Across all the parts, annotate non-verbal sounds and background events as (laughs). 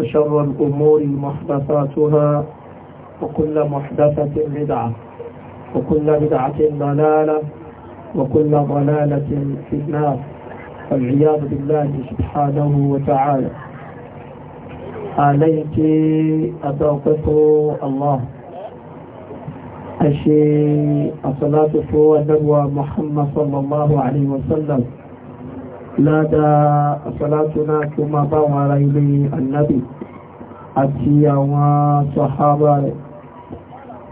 وشر الأمور محدثاتها وكل محدثة بدعة وكل بدعة ضلالة وكل ضلالة في النار والعياذ بالله سبحانه وتعالى عليك أتوقف الله أشي الصلاة فهو محمد صلى الله عليه وسلم ládàá àṣàlátúná tó máa bá wọn ará ilé annabi àti àwọn sàhábà rẹ̀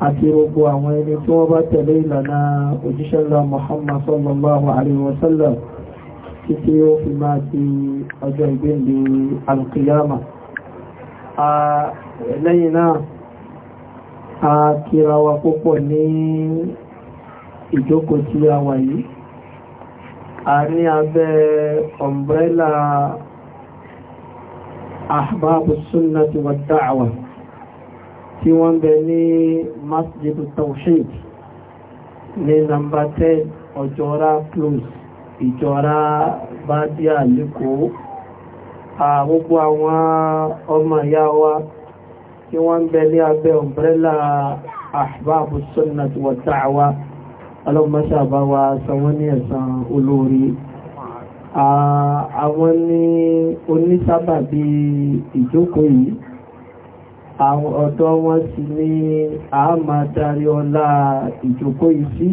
àti gbogbo àwọn ẹni tí wọ́n bá tẹ̀lé ìlànà òjíṣẹ́lá Muhammad sallallahu alaihi wasallam títí ó fi máa ti ọjọ́ ìgbéǹde alkiyama lẹ́yìn náà a kíra púpọ̀ ní ìjókòó tí a wà yìí a ní abẹ́ ọmbrẹ́là ahbabu sunnati wa da'awa tí wọ́n bẹ ní masjid tawshid ní nàmbà 10 ọjọ́ra close ìjọra bá dí àlékòó àgbogbo àwọn ọmọ ìyá wa tí wọ́n bẹ ní abẹ́ ọmbrẹ́là ahbabu sunnati wa da'awa ọlọ́gbọ́nṣà bá wa san wọ́n ní ẹ̀san olóore àwọn ní onísábà bí ìjókòó yìí àwọn ọ̀dọ́ wọn sì ní a máa darí ọlá ìjókòó yìí sí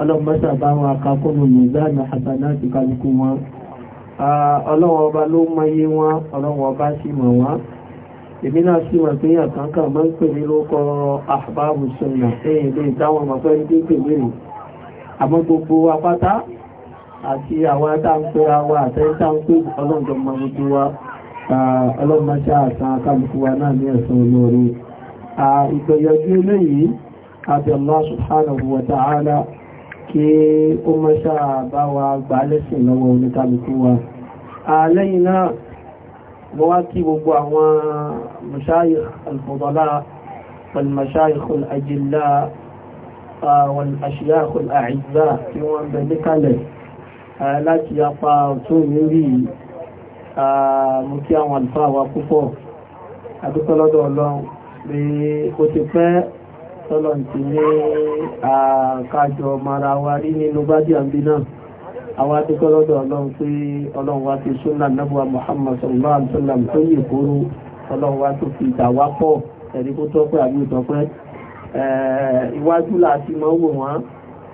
ọlọ́gbọ́nṣà bá wa kakọ́nù mìíràn àtàná àti kálukú wọn ọlọ́wọ́ ọba ló mọyé wọn ọlọ́wọ́ ọba sì mọ̀ wọn èmi náà sí wọn pé àtàkà máa ń pè ní lókọ àbábù sọ̀nà ẹ̀yìn ilé ìdáwọn ọmọfẹ́ ní pípè mérè àmọ́ gbogbo apáta àti àwọn atáǹpẹ́ra wa àtẹ́ntàǹpẹ́ ọlọ́ọ̀dọ́mọ gbogbo wa ọlọ́mọṣá àtàn akálùkù wa náà ní ẹ̀sán olóore ìgbẹ̀yọjú eléyìí àbí Allah mo wá kí gbogbo àwọn mashayikh al-fudala wal-mashayikh al-ajilla wal-ashiyakh al-a'izza tí wọ́n bẹ̀ ní kalẹ̀ láti apá ọ̀tún mi rí mo kí àwọn àlùfáà wa púpọ̀ adúpẹ́ ọlọ́run pé ó ti pẹ́ tọ́lọ̀ ní àkájọ mara wa rí nínú bádìí àbí náà àwọn adúgbò lọ́dọ̀ ọlọ́run pé ọlọ́run wá fi súnà nàbùwà Muhammad sallallahu alaihi wasallam tó yè kóró ọlọ́run wá tó fi ìdà wá pọ̀ ẹ̀rí kó tọ́pẹ́ àbí ìtọ́pẹ́ iwájú láti mọ́ wò wọ́n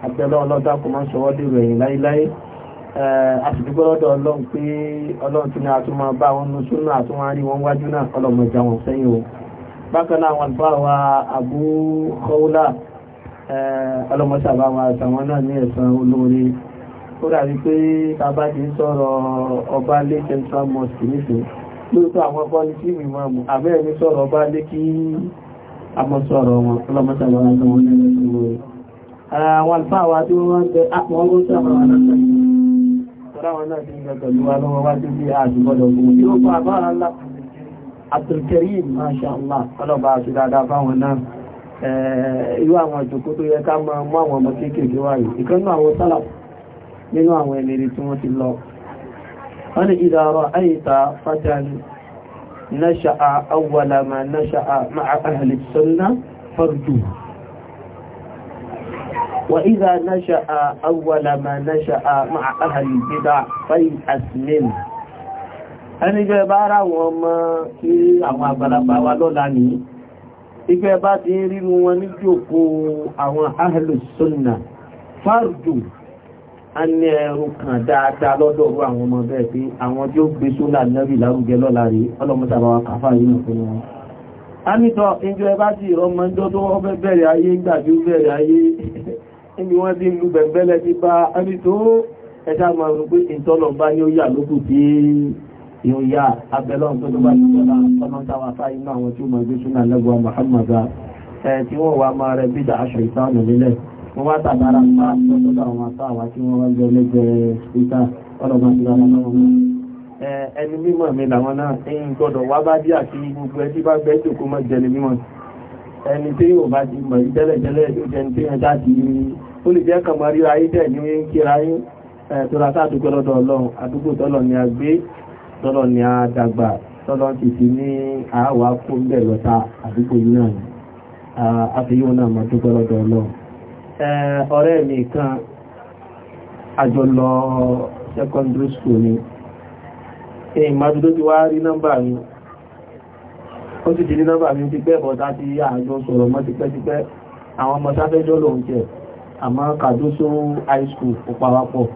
àbẹ̀lọ́ ọlọ́dà kò máa sọ wọ́dẹ̀ rẹ̀ láíláí àtìdúgbò lọ́dọ̀ ọlọ́run pé ọlọ́run tí ni a bá wọn nu súnà àtúnwá rí wọn wájú náà ọlọ́mọ ìjà wọn sẹ́yìn o bákan náà wọn bá wa Abu Khawla ọlọ́mọ sábà wọn àtàwọn náà ní ẹ̀sán olóore ó dàbí pé bàbá ti ń sọ̀rọ̀ ọba lé central mosque nífẹ̀ẹ́ lóòótọ́ àwọn pọ́lítì mi máa mú àbẹ́rẹ́ mi sọ̀rọ̀ ọba lé kí a wọn ọlọ́mọ́sàbọ̀ àwọn àwọn ìjòkó tó yẹ ká máa mú àwọn ọmọ kéèkèé wáyé. Ìkẹ́nú àwọn sálàpù nínú àwọn ẹlẹ́rẹ́ tí wọ́n ti lọ wọ́n ni ìdàrọ̀ àyíta fàtàlì náṣàá awwalama náṣàá ma'afahàlì sọ́nà fardu wa ìdà náṣàá awwalama náṣàá ma'afahàlì bídà fàyí asmin ẹni jẹ́ bá ara wọn mọ́ kí àwọn àgbàlagbà wa lọ́la ní ìfẹ́ bá ti rí a ní ẹrù kan dáadáa lọ́dọ̀ ọ̀rọ̀ àwọn ọmọ bẹ́ẹ̀ pé àwọn tí ó gbé sólà lẹ́bì lárugẹ lọ́la rí ọlọ́mọsàbáwà kàfà yìí nà fún wọn a nítọ́ ìjọ ẹbá sí ọmọ ẹjọ́ tó wọ́n fẹ́ bẹ̀rẹ̀ ayé ń gbàjú bẹ̀rẹ̀ ayé níbi (laughs) wọ́n ti lu bẹ̀bẹ̀lẹ̀ ti bá a ní tó ẹ̀ṣà máa rò pé ìtọ́lọ̀ bá yóò yà lókù tí yóò yà abẹ́lọ́n tó tó bá ti sọ́lá ọlọ́mọsàbáwà fà inú àwọn tí ó máa Muhammad tí wọ́n wà máa rẹ̀ bídà aṣọ ìtàn nílẹ̀ wọ́n wá tàbára ń bá sọ́dọ̀ àwọn afáwà tí wọ́n wá jọ lẹ́gbẹ̀ẹ́ ìta ọlọ́mọ àti àwọn ọmọ ẹni mímọ̀ mi làwọn náà ń gbọ́dọ̀ wá bá bí àti gbogbo ẹbí bá gbẹ́ jòkó mọ́ jẹni mímọ̀ ẹni tí yóò bá ti mọ̀ ìtẹ́lẹ̀tẹ́lẹ̀ yóò jẹni tí yẹn dáàtì yìí ó lè jẹ́ kàn mọ́ ríra ayé tẹ̀ ní kíra yín tọ́lá tá àdúgbò lọ́dọ̀ ọlọ́run àdúgbò tọ́lọ̀ ni a gbé tọ́lọ̀ ni a dàgbà tọ́lọ̀ ti ti ní àáwá kó ń bẹ̀ lọ́ta àdúgbò yìí náà àfihàn náà mọ̀ àdúgbò lọ́dọ̀ ọlọ́run ọ̀rẹ́ mi kan Ajọlọ lọ secondary school ni ẹ̀yìn máa dúdó ti wá rí nọ́mbà mi ó ti rí nọ́mbà mi ti pẹ́ bọ́ta ti àjọ sọ̀rọ̀ mọ́ ti pẹ́ àwọn ọmọ sáfẹ́jọ́ kàdóso high school ó pawápọ̀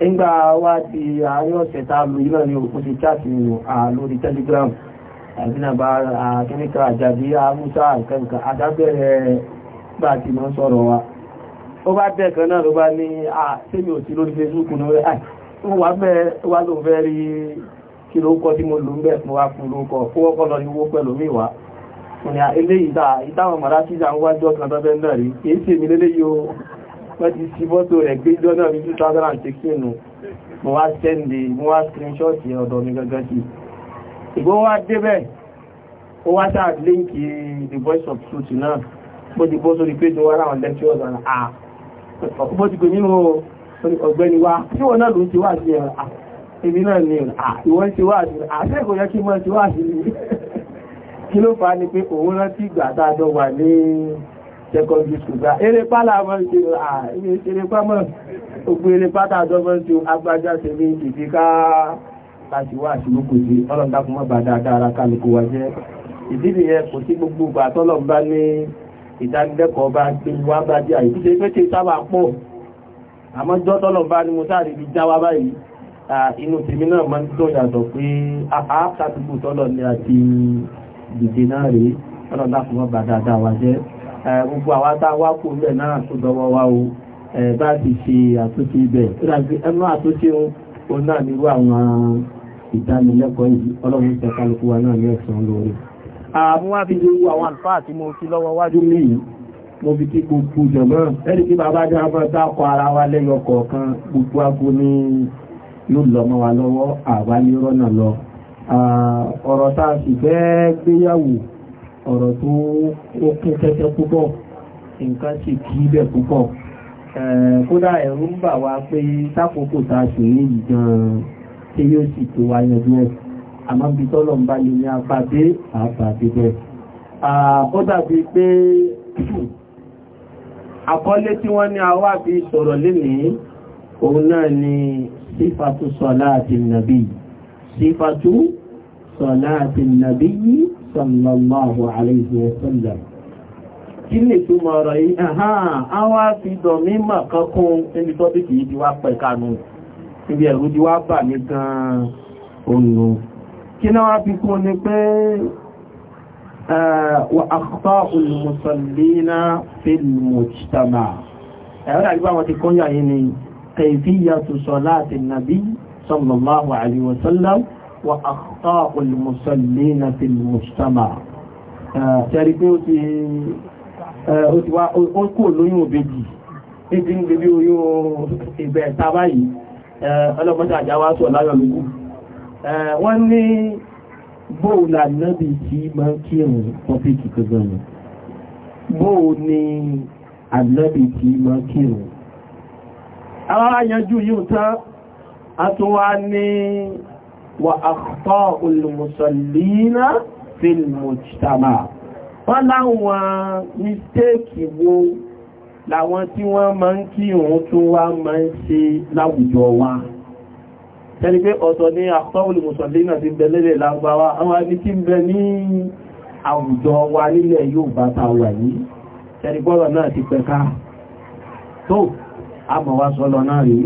nígbà wá ti àárín ọ̀sẹ̀ tá lò yìí náà òkú ti nù telegram gbà àti máa sọ̀rọ̀ wa ó bá dẹ̀kan náà ló bá ní àtẹ́mi ò sí lórí Facebook náà rẹ̀ àìsí wà bẹ́ wà ló fẹ́ rí kí ló kọ́ tí mo lò ń bẹ̀ mo wá fún ló kọ́ ó wọ́pọ̀ lọ ní owó pẹ̀lú mi wá mo ní eléyìí tá ìtàwọn màdá sí àwọn wájú ọkàn tó fẹ́ náà rí kì í ṣe mi lélẹ́yìí o wọ́n ti sí fọ́tò rẹ̀ gbé jọ náà ní 2016 nù mo wá sẹ́ndì mo wá screenshot ọ̀dọ̀ mi gangan sí ìgbó wá débẹ̀ ó wá sáà líǹkì the voice of truth náà ó ti bó sórí pé jọwọ́ ráwọn lectures and ah ọkùnbọ́ ti pè nínú ọ̀gbẹ́ni wa tí wọ́n náà ló ti wá sí ẹ̀rọ ìbí ah, náà ni ah, ìwọ́n ti wá sí àṣẹ́kọ̀ọ́ ah, yẹ kí mọ́ ti wá sí (laughs) kí ló fà á ní pé òun rántí ìgbà tààjọ wà ní secondary school gba erépá láàmọ́ ṣe àìyẹ erépá mọ́ ògbé erépá tààjọ mọ́ sí agbájá ṣe ní ìdí ká láti wá àṣìlókò ìdánilẹ́kọ̀ọ́ bá gbé wá bá jẹ́ àìsíṣe pété sábà pọ̀ àmọ́ jọ́tọ́lọ̀ bá ní mo sáré ibi já wá báyìí inú tèmi náà máa ń tó yàtọ̀ pé àátàdúgbò tọ́lọ̀ ní àti dìde náà rèé ọ̀nà dákùnmọ́ bà dáadáa wà jẹ́ gbogbo àwọn táwà kò lẹ̀ náà tó wá àmú ah, wá fi gbogbo àwọn àlùfáà tí mo fi lọ́wọ́ wájú mí yìí mo fi kí gbogbo jọ̀mọ́ ẹni tí bàbá jẹ́ afọ́ dákọ̀ ara wa lẹ́yọ kọ̀ọ̀kan gbogbo ago ní ló lọ́mọ wa lọ́wọ́ àwa ní rọ́nà lọ ah, ọ̀rọ̀ tá a sì fẹ́ gbéyàwó ọ̀rọ̀ tó ó kún kẹ́kẹ́ púpọ̀ nǹkan sì kí bẹ̀ púpọ̀ eh, kódà ẹ̀rù ń bà wá pé sákòókò tá a sì ní yìí gan-an tí yóò sì tó wa yanjú ẹ̀ àmọ́ bí tọ́lọ̀ ń bá lè ní àpàdé àpàdé bẹ́ẹ̀. ó dàbí pé (clears throat) àkọlé tí wọ́n ní àwa fi sọ̀rọ̀ lénìí òun náà ni sífàtú sọ̀láàtì nàbí sífàtú sọ̀láàtì nàbí sallallahu alayhi wa sallam kí lè tó mọ̀ ọ̀rọ̀ yìí àhán àwa fi dọ̀mí mọ̀ kankun níbi tọ́bí kìí di wá pẹ̀kanu níbi ẹ̀rú di wá bà ní gan-an òun kí náà fi kó ní pé wà àkọ́ olùmùsọ̀lẹ́nà fílmùjtàmà ẹ̀rọ àgbà wọn ti kọ́yà yìí ni kayfiyatu salati nabi sallallahu alaihi wasallam wa akhta'u al-musallina fil mujtama' eh, ṣẹ́rí pé eh, ó ti wá ó kò lóyún òbejì ní ti ń gbé bí oyún ìgbẹ̀ẹ̀ta báyìí eh, ọlọ́pọ̀ta wọ́n ní bóòlà náàbì tí máa kí ẹ̀rùn pọ́fíkì gbogbo rẹ̀ bóò ni ànábì tí máa kí ẹ̀rùn àwọn ayanjú yíò tán a tó wá ní wà àkọ́ olùmùsọ̀lìínà fílmùjtàmà wọ́n láwọn mistéèkì wo làwọn tí wọ́n máa ń kí ẹ̀rùn tó wá máa ń ṣe láwùjọ wa. ẹni pé ọ̀tọ̀ ní àkọ́wùlù mùsọ̀lẹ́ náà ti bẹ̀lẹ́lẹ̀ lágbàwá àwọn ẹni tí ń bẹ ní àwùjọ wa nílẹ̀ yóò bá ta wà yìí ẹni pọ́rọ̀ náà ti pẹ̀ká tó a wá sọ́lọ náà rí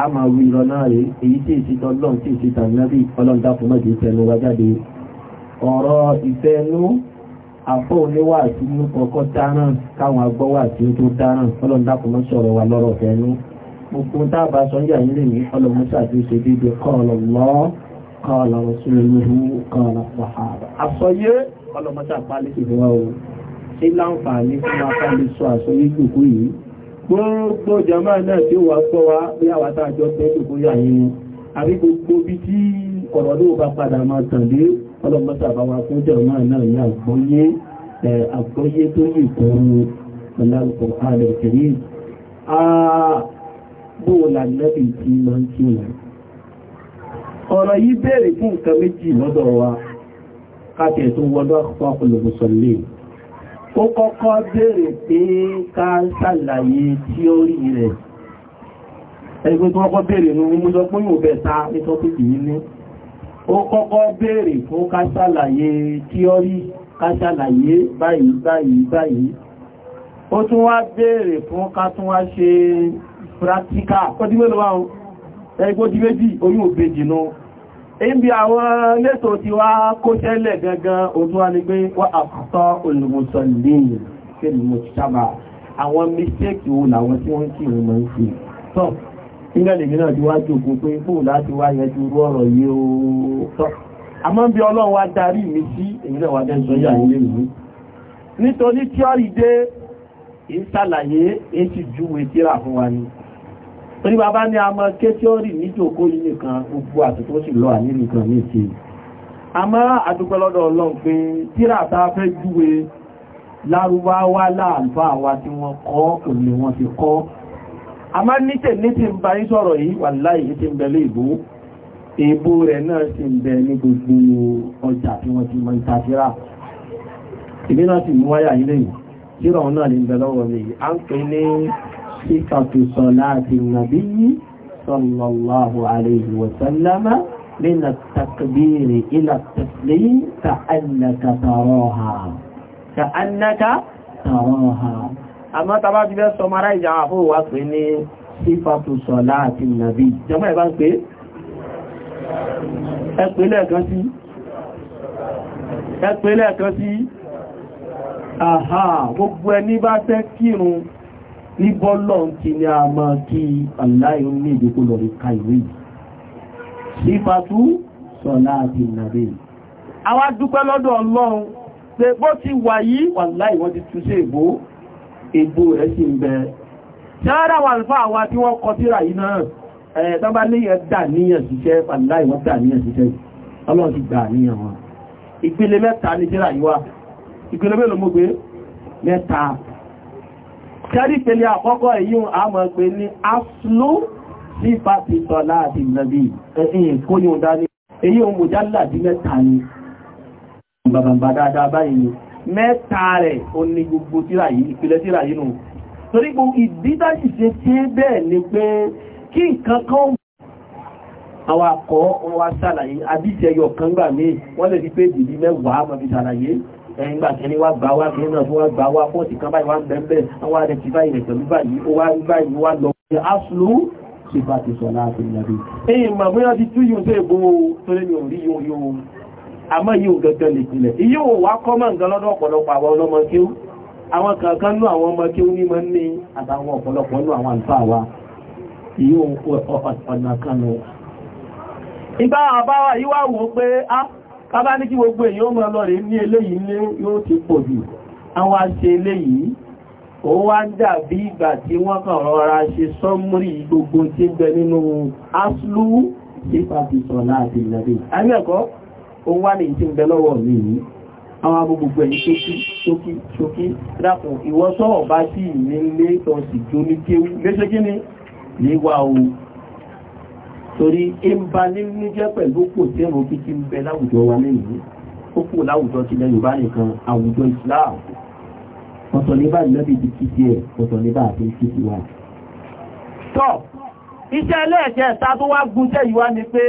a mọ̀ lọ náà rí èyí tí ìsìtọ́ lọ́n tí ìsìtà náàbí ọlọ́ndàkùn sọ̀rọ̀ gbogbo dábà sọ́jà yìí lè ní ọlọ́mọ́sá ju ṣe dédé kọ́ọ̀lọ̀ lọ́ kọ́ọ̀lọ̀ rọ̀sùlùmí kọ́ọ̀lọ̀ pàhàbà àsọyé ọlọ́mọ́sá pálí sí ìwọ́ o ṣe láǹfààní fún wa pálí sọ àsọyé jòkó yìí gbogbo jama náà tí ó wà gbọ́ wa bí àwa tá a jọ pé jòkó yà yín àbí gbogbo bí tí ọ̀rọ̀ ló bá padà bóò lànàbì tí máa ń kí wọn ọ̀rọ̀ yìí béèrè fún nǹkan méjì lọ́dọ̀ wa káàkiri tó wọ́dọ̀ pàpùlùmùsọ̀lẹ̀ ó kọ́kọ́ béèrè pé ká ṣàlàyé tíórì rẹ̀ ẹgbẹ́ tó kọ́kọ́ béèrè ní mú sọ pé yóò bẹ̀ ta ní tọ́pìkì yìí ní ó fún ká ṣàlàyé tíórì ká ṣàlàyé báyìí báyìí báyìí ó tún wá béèrè fún ká tún wá ṣe Pratika ọdí mẹ́lọ wá ohun ẹgbó tí méjì oyún òbejì nú ibi àwọn lẹ́tọ̀ tí wá kó tẹ́lẹ̀ gangan ojú wá ní pé wá àkọ́tọ́ olùmọ̀sọ̀lẹ́yìn fẹ́lùmọ̀ sábà àwọn mistake wo làwọn tí wọ́n kí ìrìnmọ̀ ń fi tọ́ ìgbẹ̀lẹ̀ mìíràn tí wá jòkó pé fóò láti wá yẹjú rú fún wa ni torí bàbá ní a mọ́ ké tí ó rí ní jòkó yìí nìkan gbogbo àtúntò sì lọ àní nìkan ní ti àmọ́ àdúpẹ́ lọ́dọ̀ ọlọ́run tíra ta fẹ́ júwe lárúbáwá láàlùfáà wa tí wọ́n kọ́ òní wọn ti kọ́ a máa ní tè ní ti ń bá yín sọ̀rọ̀ yìí wà láì ti ń bẹ̀lẹ̀ ìbò èbó rẹ̀ náà ti ń bẹ ní صفة صلاة النبي صلى الله عليه وسلم من التكبير إلى التسليم كأنك تراها كأنك تراها أما تبا جبه سمرا يجعفه وصني صفة صلاة النبي جمع يبان كي أقبل كسي أقبل كسي Aha, gbogbo ẹni bá fẹ́ kírun bíbọ́lọ̀ ti ní a máa kí aláì ní ìdíkò lọ rí ka ìwé yìí sífàtú sọ̀lá àti ìnàbí àwa dúpẹ́ lọ́dọ̀ ọlọ́run pé bó ti wà yìí wà láì wọ́n ti tú sí ègbó ègbó rẹ̀ sì ń bẹ ṣáàrà wà fà àwa tí wọ́n kọ síra yìí náà ẹ̀ tọ́bá léyẹ dà níyàn síṣẹ́ aláì wọ́n dà níyàn síṣẹ́ ọlọ́run ti gbà níyàn wọn kẹ́rí pẹ̀lẹ̀ àkọ́kọ́ èyí a mọ̀ pé ní aṣlú sí pàtí sọ́lá àti ẹ̀yìn kó yóò dání èyí o mú jálà dí mẹ́ta ni bàbàbà dáadáa báyìí mẹ́ta rẹ̀ o ní gbogbo tíra yìí ìpìlẹ̀ tíra yìí nù torí gbogbo ìdídájì ṣe tí bẹ́ẹ̀ ni pé kí nǹkan kan àwọn akọ́ wọn wá ṣàlàyé àbíṣẹyọ kan gbà mí wọ́n lè fi pé dìbí mẹ́wàá mọ̀ fi ṣàlàyé ẹ̀yìn gbà tẹ́lẹ̀ wá gbà wá kìí náà fún wá gbà wá fọ́ọ̀tì kan báyìí wá ń bẹ̀ẹ̀bẹ̀ wọ́n á rẹ̀tì báyìí pẹ̀lú báyìí ó wá rí báyìí wá lọ sí áṣùlù sí bá ti sọ láàrin nàbí ẹ̀yìn mà bóyá ti tú yóò tó ègbò tó lé mi ò rí yóò yóò àmọ́ àwọn kankan nú àwọn ọmọ kí ó ní mọ́ ní àtàwọn ọ̀pọ̀lọpọ̀ nú àwọn àlùfáà wa iye ọ̀nà kan nù. ìgbà àbáwá wò pé á ah, bàbá ní kí gbogbo èyàn mọ́ lọ rẹ̀ ní eléyìí lé yóò ti pọ̀ jù àwọn aṣe eléyìí ó wá dàbí ìgbà tí wọ́n kàn rọra ṣe sọ́múrì gbogbo tí ń bẹ nínú aṣlú sípàtì sọ̀lá àti ìlẹ̀dẹ̀ ayẹ́kọ́ ó wá ní ìtí ni níwà ohun torí ìmbà nínú jẹ́ pẹ̀lú kò tẹ́rù bí ti ń bẹ láwùjọ wa lẹ́yìn ó kù láwùjọ ti lẹ́yìn bá nìkan àwùjọ Islam ọ̀tọ̀ ní bá ìlẹ́bí ti kí tiẹ̀ ọ̀tọ̀ ní bá kí ti wa. tọ́ iṣẹ́ ẹlẹ́ẹ̀kẹ́ ẹ̀ta tó wá gúnṣẹ́ yìí wá ni pé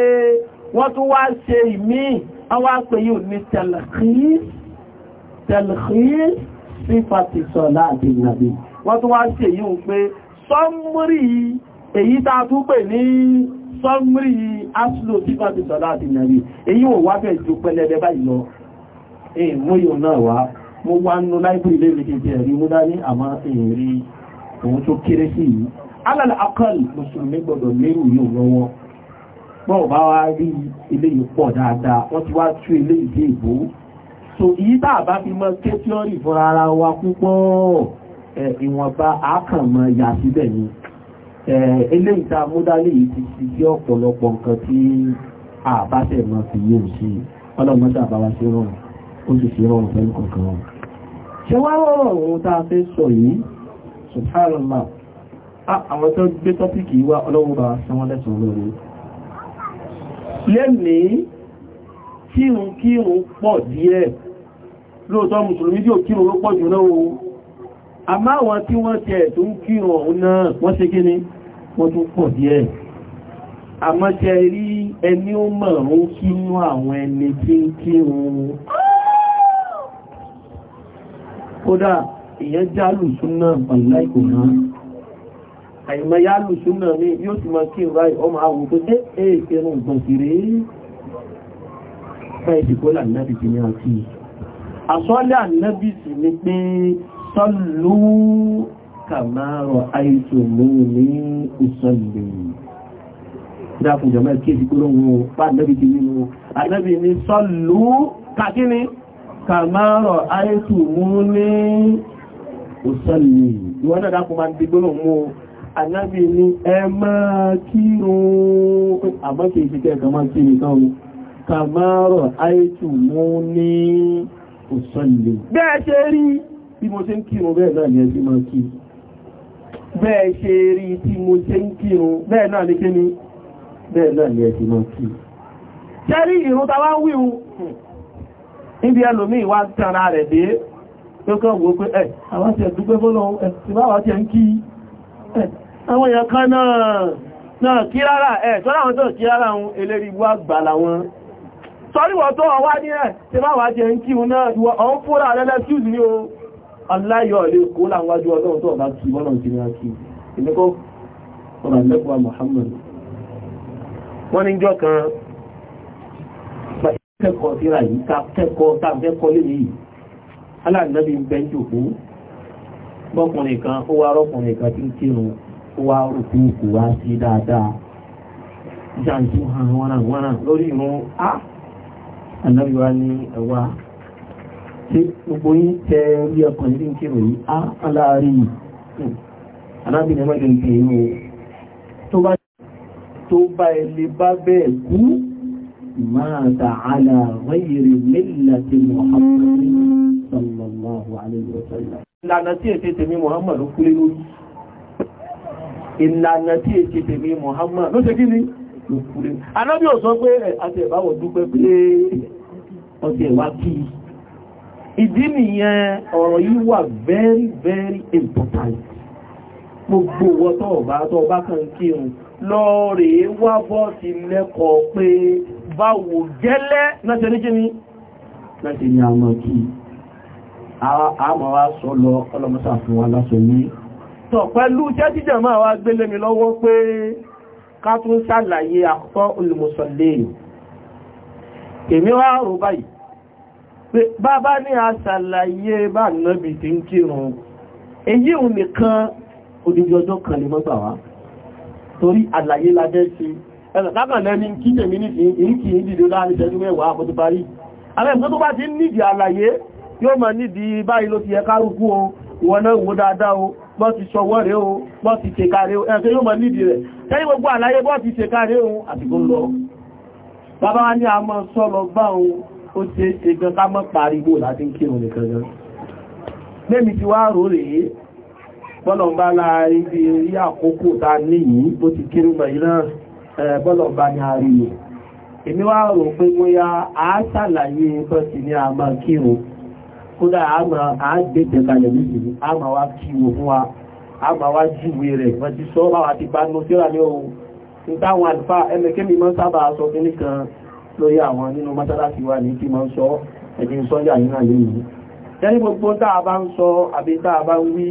wọ́n tún wá ṣe ìmí àwọn àpè yìí ní tẹ̀lẹ̀kìí sífàtì sọ̀lá sọ́mírì áṣìlò sípà ti sọ̀lá àti nàrí èyí ò wá fẹ́ jù pẹ́lẹ́lẹ́ báyìí lọ èyí mú yóò náà wá mo wá nú láìpìrì lè rèé jẹ́ rí mú dání àmá èrí òun tó kéré sí yìí alàlà akọ́lù mùsùlùmí gbọ́dọ̀ lérò yóò lọ́wọ́ bọ́ọ̀ bá wá rí ilé yìí pọ̀ dáadáa wọ́n ti wá tú ilé ìdí ìbò so èyí tá a bá fi mọ́ ké tíọ́rì fún ara wa púpọ̀ ilé ìta múdálé yìí ti ti jẹ́ ọ̀pọ̀lọpọ̀ nǹkan tí àbáṣẹ̀ máa fi yé òṣì ọlọ́mọdé àbáwá sí rọrùn ó sì sí rọrùn pẹ̀lú kankan wọn ṣe wá rọrọ̀ ohun tá a fẹ́ sọ yìí subhanallah àwọn tó gbé tọ́pìkì wá ọlọ́wọ́ bá sanwọ́n lẹ́sàn lórí lẹ́nìí kírun kírun pọ̀ díẹ̀ lóòtọ́ mùsùlùmí wọ́n tó pọ̀ díẹ̀ àmọ́ṣẹ́ rí ẹni ó mọ̀ ó kínú àwọn ẹni tí ń kí oòrùn kódà èyàn jálù súnà pàlá ìkòná àìmọ̀ yálù súnà ní yóò ti máa kí ìráì ọmọ àwọn tó dé èèkèrè nǹkan sí rí fẹ́ẹ̀dì kó lànàbì ti ní àti àsọ́lẹ̀ ànàbì sì ni pé sọ́lù kàmáàrọ̀ àìsù mú ní ìsọ̀lẹ̀ dákùn jọmọ́ kí èsì kúrò wọn bá nẹ́bí ti nínú ànẹ́bí ní sọ́lú kàkíní kàmáàrọ̀ àìsù mú ní ìsọ̀lẹ̀ ìwọ́n náà dákùn máa ti gbọ́nà mú ànẹ́bí ní ẹ máa kírun àbọ́kì ìfikẹ́ kàmá kí nìkan kàmáàrọ̀ àìsù mú ní ìsọ̀lẹ̀ bẹ́ẹ̀ ṣe rí bí mo ṣe ń kírun bẹ́ẹ̀ náà ni ẹ bẹ́ẹ̀ ṣe rí tí mo ṣe ń kírun bẹ́ẹ̀ náà ní kíní bẹ́ẹ̀ náà ní ẹ̀ṣì máa kí ṣẹ́rí ìrún tàwà ń wíhun níbi ẹlòmí ìwá tàrà rẹ̀ dé tó kàn wó pé ẹ̀ àwọn ti ẹ̀dúgbẹ́ fọ́lọ́run ẹ̀ ti bá wà ti ẹ̀ ń kí ẹ̀ àwọn aláyọ̀ ilé kó láwájú ọlọ́run tó ọ̀bá kí wọ́n ti rá kí ìlẹ́kọ́ ọ̀rọ̀ lẹ́kọ̀ọ́ Muhammad wọ́n ní jọ kan kẹ́kọ̀ọ́ síra yìí ká kẹ́kọ̀ọ́ tàbẹ́kọ́ lè yìí aláàdínábí ń bẹ́ jòkó bọ́kùnrin kan ó wá rọ́kùnrin kan tí ń kírun ó wá rùkú kò wá sí dáadáa ìṣàǹtí wọn àwọn wọn lórí ìrún á ànábíwá ní ẹwà tí gbogbo yí tẹ rí ọkàn yìí ń kírò yìí á aláàrí hmm. alábìnrin mọ́jọ ìpè ní tó bá ilé bá bẹ́ẹ̀ kú máa ta àlà wáyèrè mẹ́lá ti Muhammad sallallahu alaihi wasallam ìlànà tí èsì tèmi Muhammad ló kúlé ò sọ pé àti ẹ̀báwọ̀ dúpẹ́ pé ọ̀sẹ̀ wá kí i ìdí nìyẹn ọ̀rọ̀ yìí wà very very important gbogbo owó tó ọba tó ọba kan kírun lọ́ọ̀rẹ̀ wá bọ́ ti lẹ́kọ̀ọ́ pé báwo gẹ́lẹ́ náà ṣe ní kí ni láti ní àmọ́ kí àmọ́ wá sọ lọ ọlọ́mọ́sà fún wa lásọ ní tọ̀ pẹ̀lú iṣẹ́ jíjẹ̀ máa wá gbélé mi lọ́wọ́ pé ká tún ṣàlàyé àkọ́ olùmọ̀sọ̀lẹ̀ pé bàbá ní àṣàlàyé bá nọ́bì tí ń kírun èyí òun nìkan odidi ọjọ́ kan lè mọ́gbà wá torí àlàyé lábẹ́ ṣe ẹ̀rọ lákànlẹ́ni kí tèmi ní ìrìnkì ìdìdó láàrin ìṣẹ́jú mẹ́wàá àpótí parí alẹ́gbẹ́ tó bá ti nídìí àlàyé yóò máa nídìí báyìí ló ti yẹ kárùkú o ìwọ̀n náà wò dáadáa o bọ́ ti ṣọwọ́ rẹ̀ o bọ́ ti ṣèkà rẹ̀ o ẹ̀kẹ́ yóò ó ṣe ṣe gan ká mọ́ pariwo láti ń kírun nìkan gan lẹ́mi ti wá rò rèé bọ́lọ̀mbá láàrin bí rí àkókò ta níyí bó ti kírù mẹ́rin náà bọ́lọ̀mbá ní àríyè èmi wá rò pé bóyá a ṣàlàyé ẹ̀kọ́ sí ní a máa kírù kódà lórí àwọn nínú mọ́sálásí wa ní kí máa ń sọ ẹ̀jìn sọ́jà yìí náà lè yìí tẹ́lí gbogbo táa bá ń sọ àbí táa bá ń wí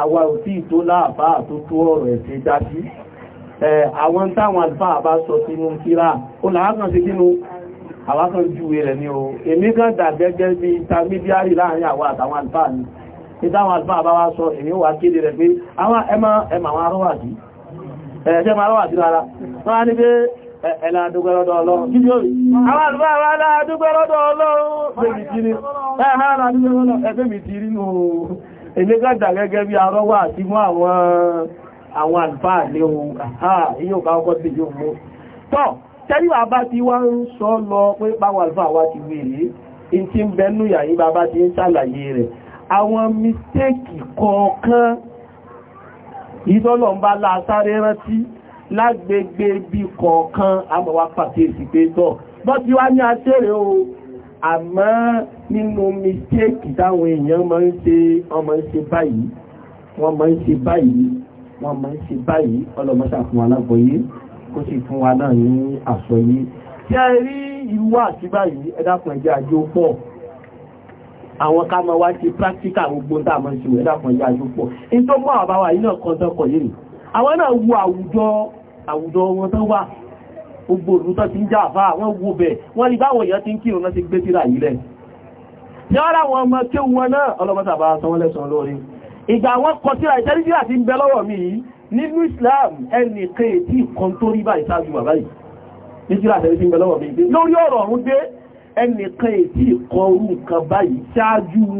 àwa ò tí tó láàbá tó tó ọ̀rọ̀ ẹ̀sẹ̀ dájú àwọn táwọn àlùfáà bá sọ sínú kíra ó làákan sí kínú àwákan júwe rẹ̀ ní o èmi kan dà gẹ́gẹ́ bí intermediary láàrin àwa àtàwọn àlùfáà ni ìtàwọn àlùfáà bá wá sọ èmi wà kéde rẹ̀ pé àwọn ẹmà àwọn arọ́wàdí ẹ̀ẹ́jẹ́ ẹ̀lá àdúgbẹ́rọ́dọ̀ ọlọ́run kí yóò rí àwọn àdúgbà àwọn aláàdúgbẹ́rọ́dọ̀ ọlọ́run ẹgbẹ́ mi ti rí nù ẹlẹ́gbẹ́gbẹ́ gẹ́gẹ́ bí arọ́wà àti mú àwọn àlùfáà lé ohun àhá yíò bá ọkọ́ sí yóò mú tọ́ tẹ́líwà bá ti wá ń sọ lọ pé báwọn àlùfáà wá ti wèrè in ti ń bẹnú yàyí bàbá ti mistéèkì kọ̀ọ̀kan ìdọ́lọ̀ ń bá láàsáré rántí lágbègbè bí kọ̀ọ̀kan àmọ̀wà pàtẹ́sì pé tọ́ bọ́ ti wá ní àṣẹ́rẹ̀ o àmọ́ nínú mistake táwọn èèyàn máa ń ṣe ọmọ ń ṣe báyìí wọ́n máa ń ṣe báyìí wọ́n máa ń ṣe báyìí ọlọ́mọṣà fún wa lágbọ́yé kó sì fún wa náà ní àsọyé tí a rí ìwà àti báyìí ẹ̀dàkùn ẹ̀jẹ̀ àjò pọ̀ àwọn ká máa wá ti practical gbogbo tá a máa ń ṣe ẹ̀dàkùn ẹ̀jẹ̀ àjò pọ̀ àwùjọ wọn tó wà gbogbo òrùtọ́ ti ń já àfá wọ́n wo bẹ̀ wọ́n rí báwọn èèyàn ti ń kírun náà ti gbé tíra yìí lẹ̀ tí ọ́rà wọn ọmọ kí wọn náà ọlọ́mọ́sàbá sọ wọ́n lẹ́sàn lórí ìgbà wọn kọ tíra ìtẹ́rí tíra ti ń bẹ lọ́wọ́ mi yìí nínú Islam ẹnì kan ètí kan tó rí báyìí sáájú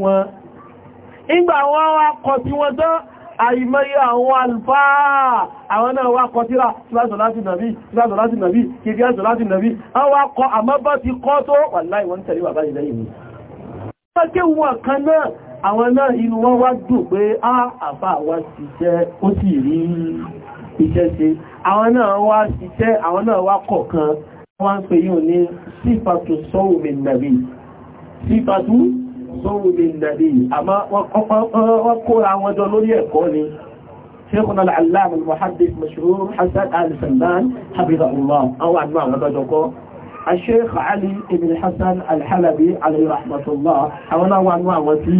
àìmọ́yé àwọn alfáà àwọn náà wá kọ tíra tíláàtọ̀ láti nàbí tíláàtọ̀ láti nàbí kìí tíláàtọ̀ láti nàbí àwọn akọ àmọ́bá ti kọ́ tó wà láì wọ́n tẹ̀lé bàbá ìlẹ́yìn ni àwọn náà inú wọn wá dùn pé á àbá wá ṣiṣẹ́ ó sì rí sọ́wọ́lẹ̀ ìdàdé àmá wọ́n kóra wọn jọ lórí ẹ̀kọ́ ni Sheikhuna al-Allam al-Muhaddis Mashhur Hassan al-Salman Habibullah àwọn àdúrà àwọn ọdọ́jọ́kọ́ Sheikh Ali ibn Hassan al-Halabi alayhi rahmatullah àwọn àwọn àwọn tí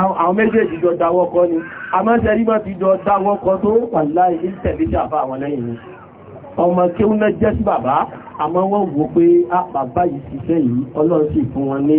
àwọn méjèèjì jọ dáwọ́kọ́ ni a máa tẹ́rí bá ti jọ dáwọ́kọ́ tó wà láì ní tẹ̀lé sí àbá àwọn lẹ́yìn ni ọmọ kí ó náà jẹ́ sí bàbá àmọ́ wọ́n wò pé ah, bàbá yìí ṣiṣẹ́ yìí Ọlọ́run sì fún wọn ní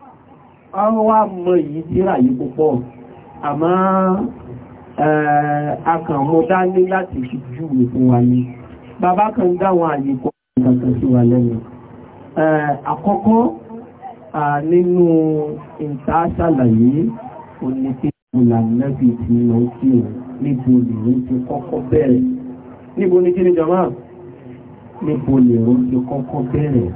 àwọn wá mọ yìí tíra yìí púpọ̀ àmọ́ akànmọ́ dání láti fi júwe fún wa ní bàbá kan dáwọn àyè kọ́ ìgbàkan sí wa lẹ́nu àkọ́kọ́ nínú ìtaṣàlàyé oníkébùlà nẹ́bì tí lọ sí ò níbo lèrò ti kọ́kọ́ bẹ̀rẹ̀ níbo ní kí ni jọmọ́ níbo lèrò ti kọ́kọ́ bẹ̀rẹ̀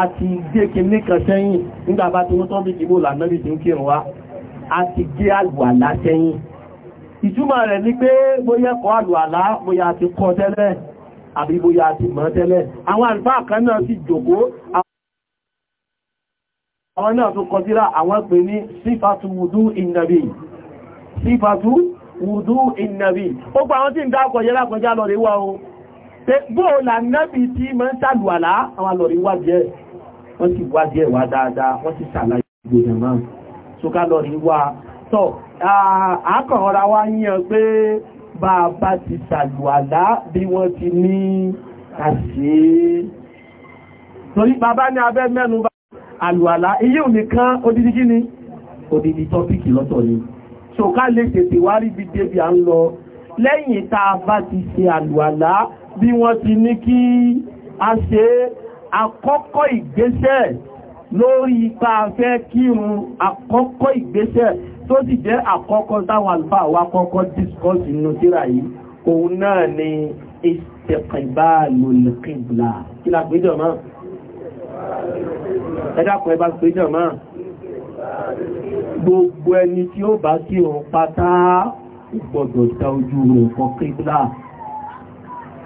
àti gbé kìíní kan sẹ́yìn nígbàbá tí wọ́n tọ́bí kìíbò lànàbí tí ó kírùn wá àti gbé àlùwàlá sẹ́yìn ìtumọ̀ rẹ̀ ní pé bóyá kọ́ àlùwàlá bóyá ti kọ́ tẹ́lẹ̀ àbí bóyá ti mọ́ tẹ́lẹ̀ àwọn àlùfáà kan náà sì jòkó àwọn náà tó kọtíra àwọn pè ní sífàtú wùdú ìnàbí sífàtú wùdú ìnàbí ó pa àwọn tí ń dákọ̀ yẹ́lá kọjá lọ rí wá o pé bóòlà náàbì tí mọ́ ń sàlùwàlá àwọn alọ̀rí wájẹ́ wọ́n sì wájẹ́ wá dáadáa wọ́n sì sàlàyé gbogbo náà ṣoká lọ́rí wá tọ́ àkànrọra wá yíyan pé bàbá ti sàlùwàlá bí wọ́n ti ní àṣẹ torí bàbá ní abẹ́ mẹ́nu bá àlùwàlá iye òníkan odidi kí ni odidi tọ́pìkì lọ́tọ̀ ni ṣoká lè tètè wárí bí débi à ń lọ lẹ́yìn tá bá ti ṣe àlùwàlá bí wọ́n ti ní kí a ṣe àkọ́kọ́ ìgbésẹ̀ lórí ipa afẹ́ kírun àkọ́kọ́ ìgbésẹ̀ tó sì jẹ́ àkọ́kọ́ táwọn alfa wa kọ́kọ́ discuss inú tírà yìí òun náà ni istiqbalul qibla kí la pè jọ máa ẹ̀dàkùn ẹbá pè jọ máa gbogbo ẹni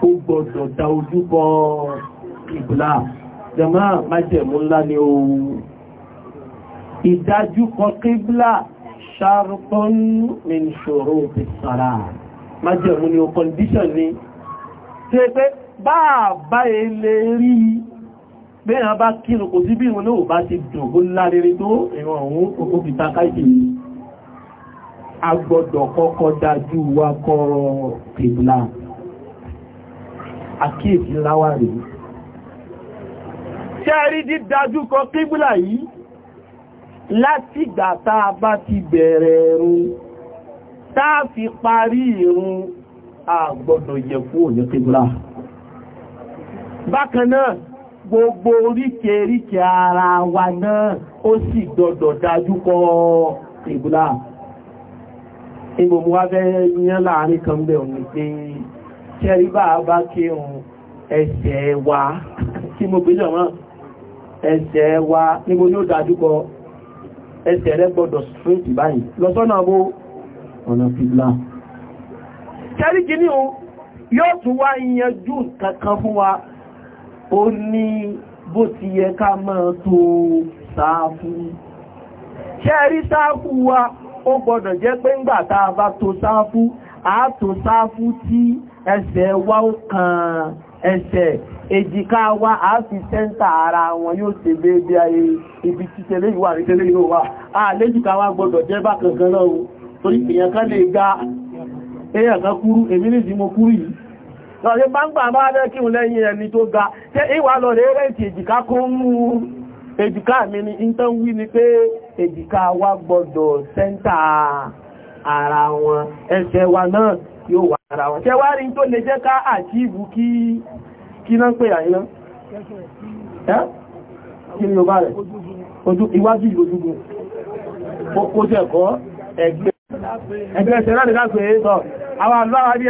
ó gbọ́dọ̀ da ojúbọ ìbìlá jẹmọ́ májẹ̀mú ńlá ni ohun ìdájúkọ kíblà ṣarpọ́n ní ṣòro ti sàrà májẹ̀mú ni o condition ni tí pé bá bá ilé e rí bẹ́yàn bá kírù kò sí bí ìrùn náà bá ti dùn ó lárere tó ìwọ̀n òun kòkó fi takáìsì agbọ́dọ̀ kọ́kọ́ dájú wa kọ́ àkíyèsí láwá rẹ̀ tí a rí dídájú kọ kíbùlà yìí láti ìgbà táa bá ti bẹ̀rẹ̀ ẹ̀rùn táa fi parí ìrun a gbọ́dọ̀ yẹ fún òní kíbùlà bákan náà gbogbo oríkèríkè ara wa náà ó sì gbọ́dọ̀ dájú kan bẹ̀ kẹrí bá a bá kí ohun ẹsẹ̀ wa kí mo gbéjọ mọ́ ẹsẹ̀ wa ní mo ní ó dájúkọ ẹsẹ̀ rẹ gbọdọ̀ straight báyìí lọ́sọ́nà bó ọ̀nà fìlà kẹrí kì o yóò tún wá ìyẹnjú kankan fún wa ó ní bó ti yẹ ká mọ́ tó sáfú kẹrí sáfú wa ó gbọdọ̀ jẹ́ pé ńgbà tá a bá tó sáfú àátò sáfú tí ẹsẹ̀ wá ó kan ẹsẹ̀ èjìká wá àáfi sẹ́ntà ara wọn yóò se béèbé ayé ibi tí tẹ́lẹ̀ ìwà rí tẹ́lẹ̀ wa a wá gbọdọ̀ jẹ́ kankan lọ́run torí èèyàn kan lè ga èèyàn kan kúrú èmi nìdí mo kúrú yìí lọ́rẹ́ bá ń gbà ga iwa ejika mi ara wọn ẹsẹ̀ wa náà yóò wà ara wọn tẹwàá rí tó lè jẹ́ ká àjíìbù kí kí náà pè àyíná kí ni ọba rẹ̀ iwájú ìlójúgun kó jẹ́ ẹ̀kọ́ ẹgbẹ́ ẹgbẹ́ ẹsẹ̀ náà lè lápẹ́ tọ́ àwọn aláwà ní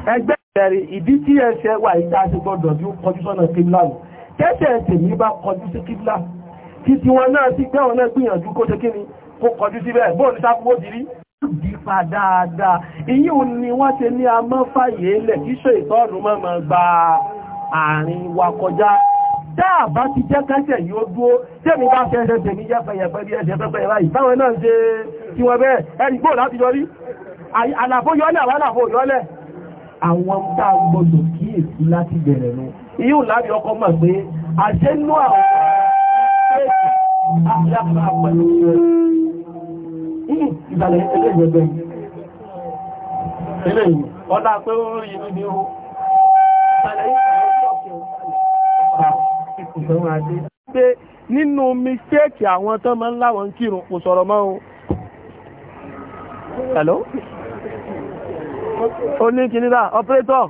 ẹgbẹ́ Ẹ̀rì ìdí tí ẹ̀ṣẹ̀ wà ìta ṣe gbọ́dọ̀ bí ó kọjú sọ́nà kíblà nù. Tẹ́ṣẹ̀ tèmi bá kọjú sí kíblà. Kí ti wọn náà sí gbẹ́wọ̀n náà gbìyànjú kó ṣe kíni kó kọjú síbẹ̀. Bóòlù sáfúwó ti rí. Dípa dáadáa. Ìyí ò ní wọ́n ṣe ní amọ́ fàyè lẹ̀ kí ṣe ìtọ́rùn mọ́ mọ́ gba àárín wa kọjá. Dáà bá ti jẹ́ kẹ́sẹ̀ yóò dúó, tẹ́mi bá ṣe ẹsẹ̀ tèmi jẹ́ fẹ̀yẹ̀fẹ́ bí ẹsẹ̀ pẹ́pẹ́ báyìí. Báwọn náà ṣe tiwọn bẹ́ẹ̀, ẹni gbòó láti yọrí. Àlàfo yọ́lẹ̀ àwọn àlàfo yọ́lẹ̀ àwọn tá a gbọdọ̀ kíyèsí láti bẹ̀rẹ̀ nu yíò lábí ọkọ mọ̀ pé àṣẹ inú àwọn ìbàlẹ̀ ẹlẹ́gbẹ̀gbẹ̀ eléyìí ọ̀dá pé ó rí inú ni ó pé nínú mistéèkì àwọn tó máa ń láwọn kírun kò sọ̀rọ̀ mọ́ o hello oníkìníra ọpẹ́tọ̀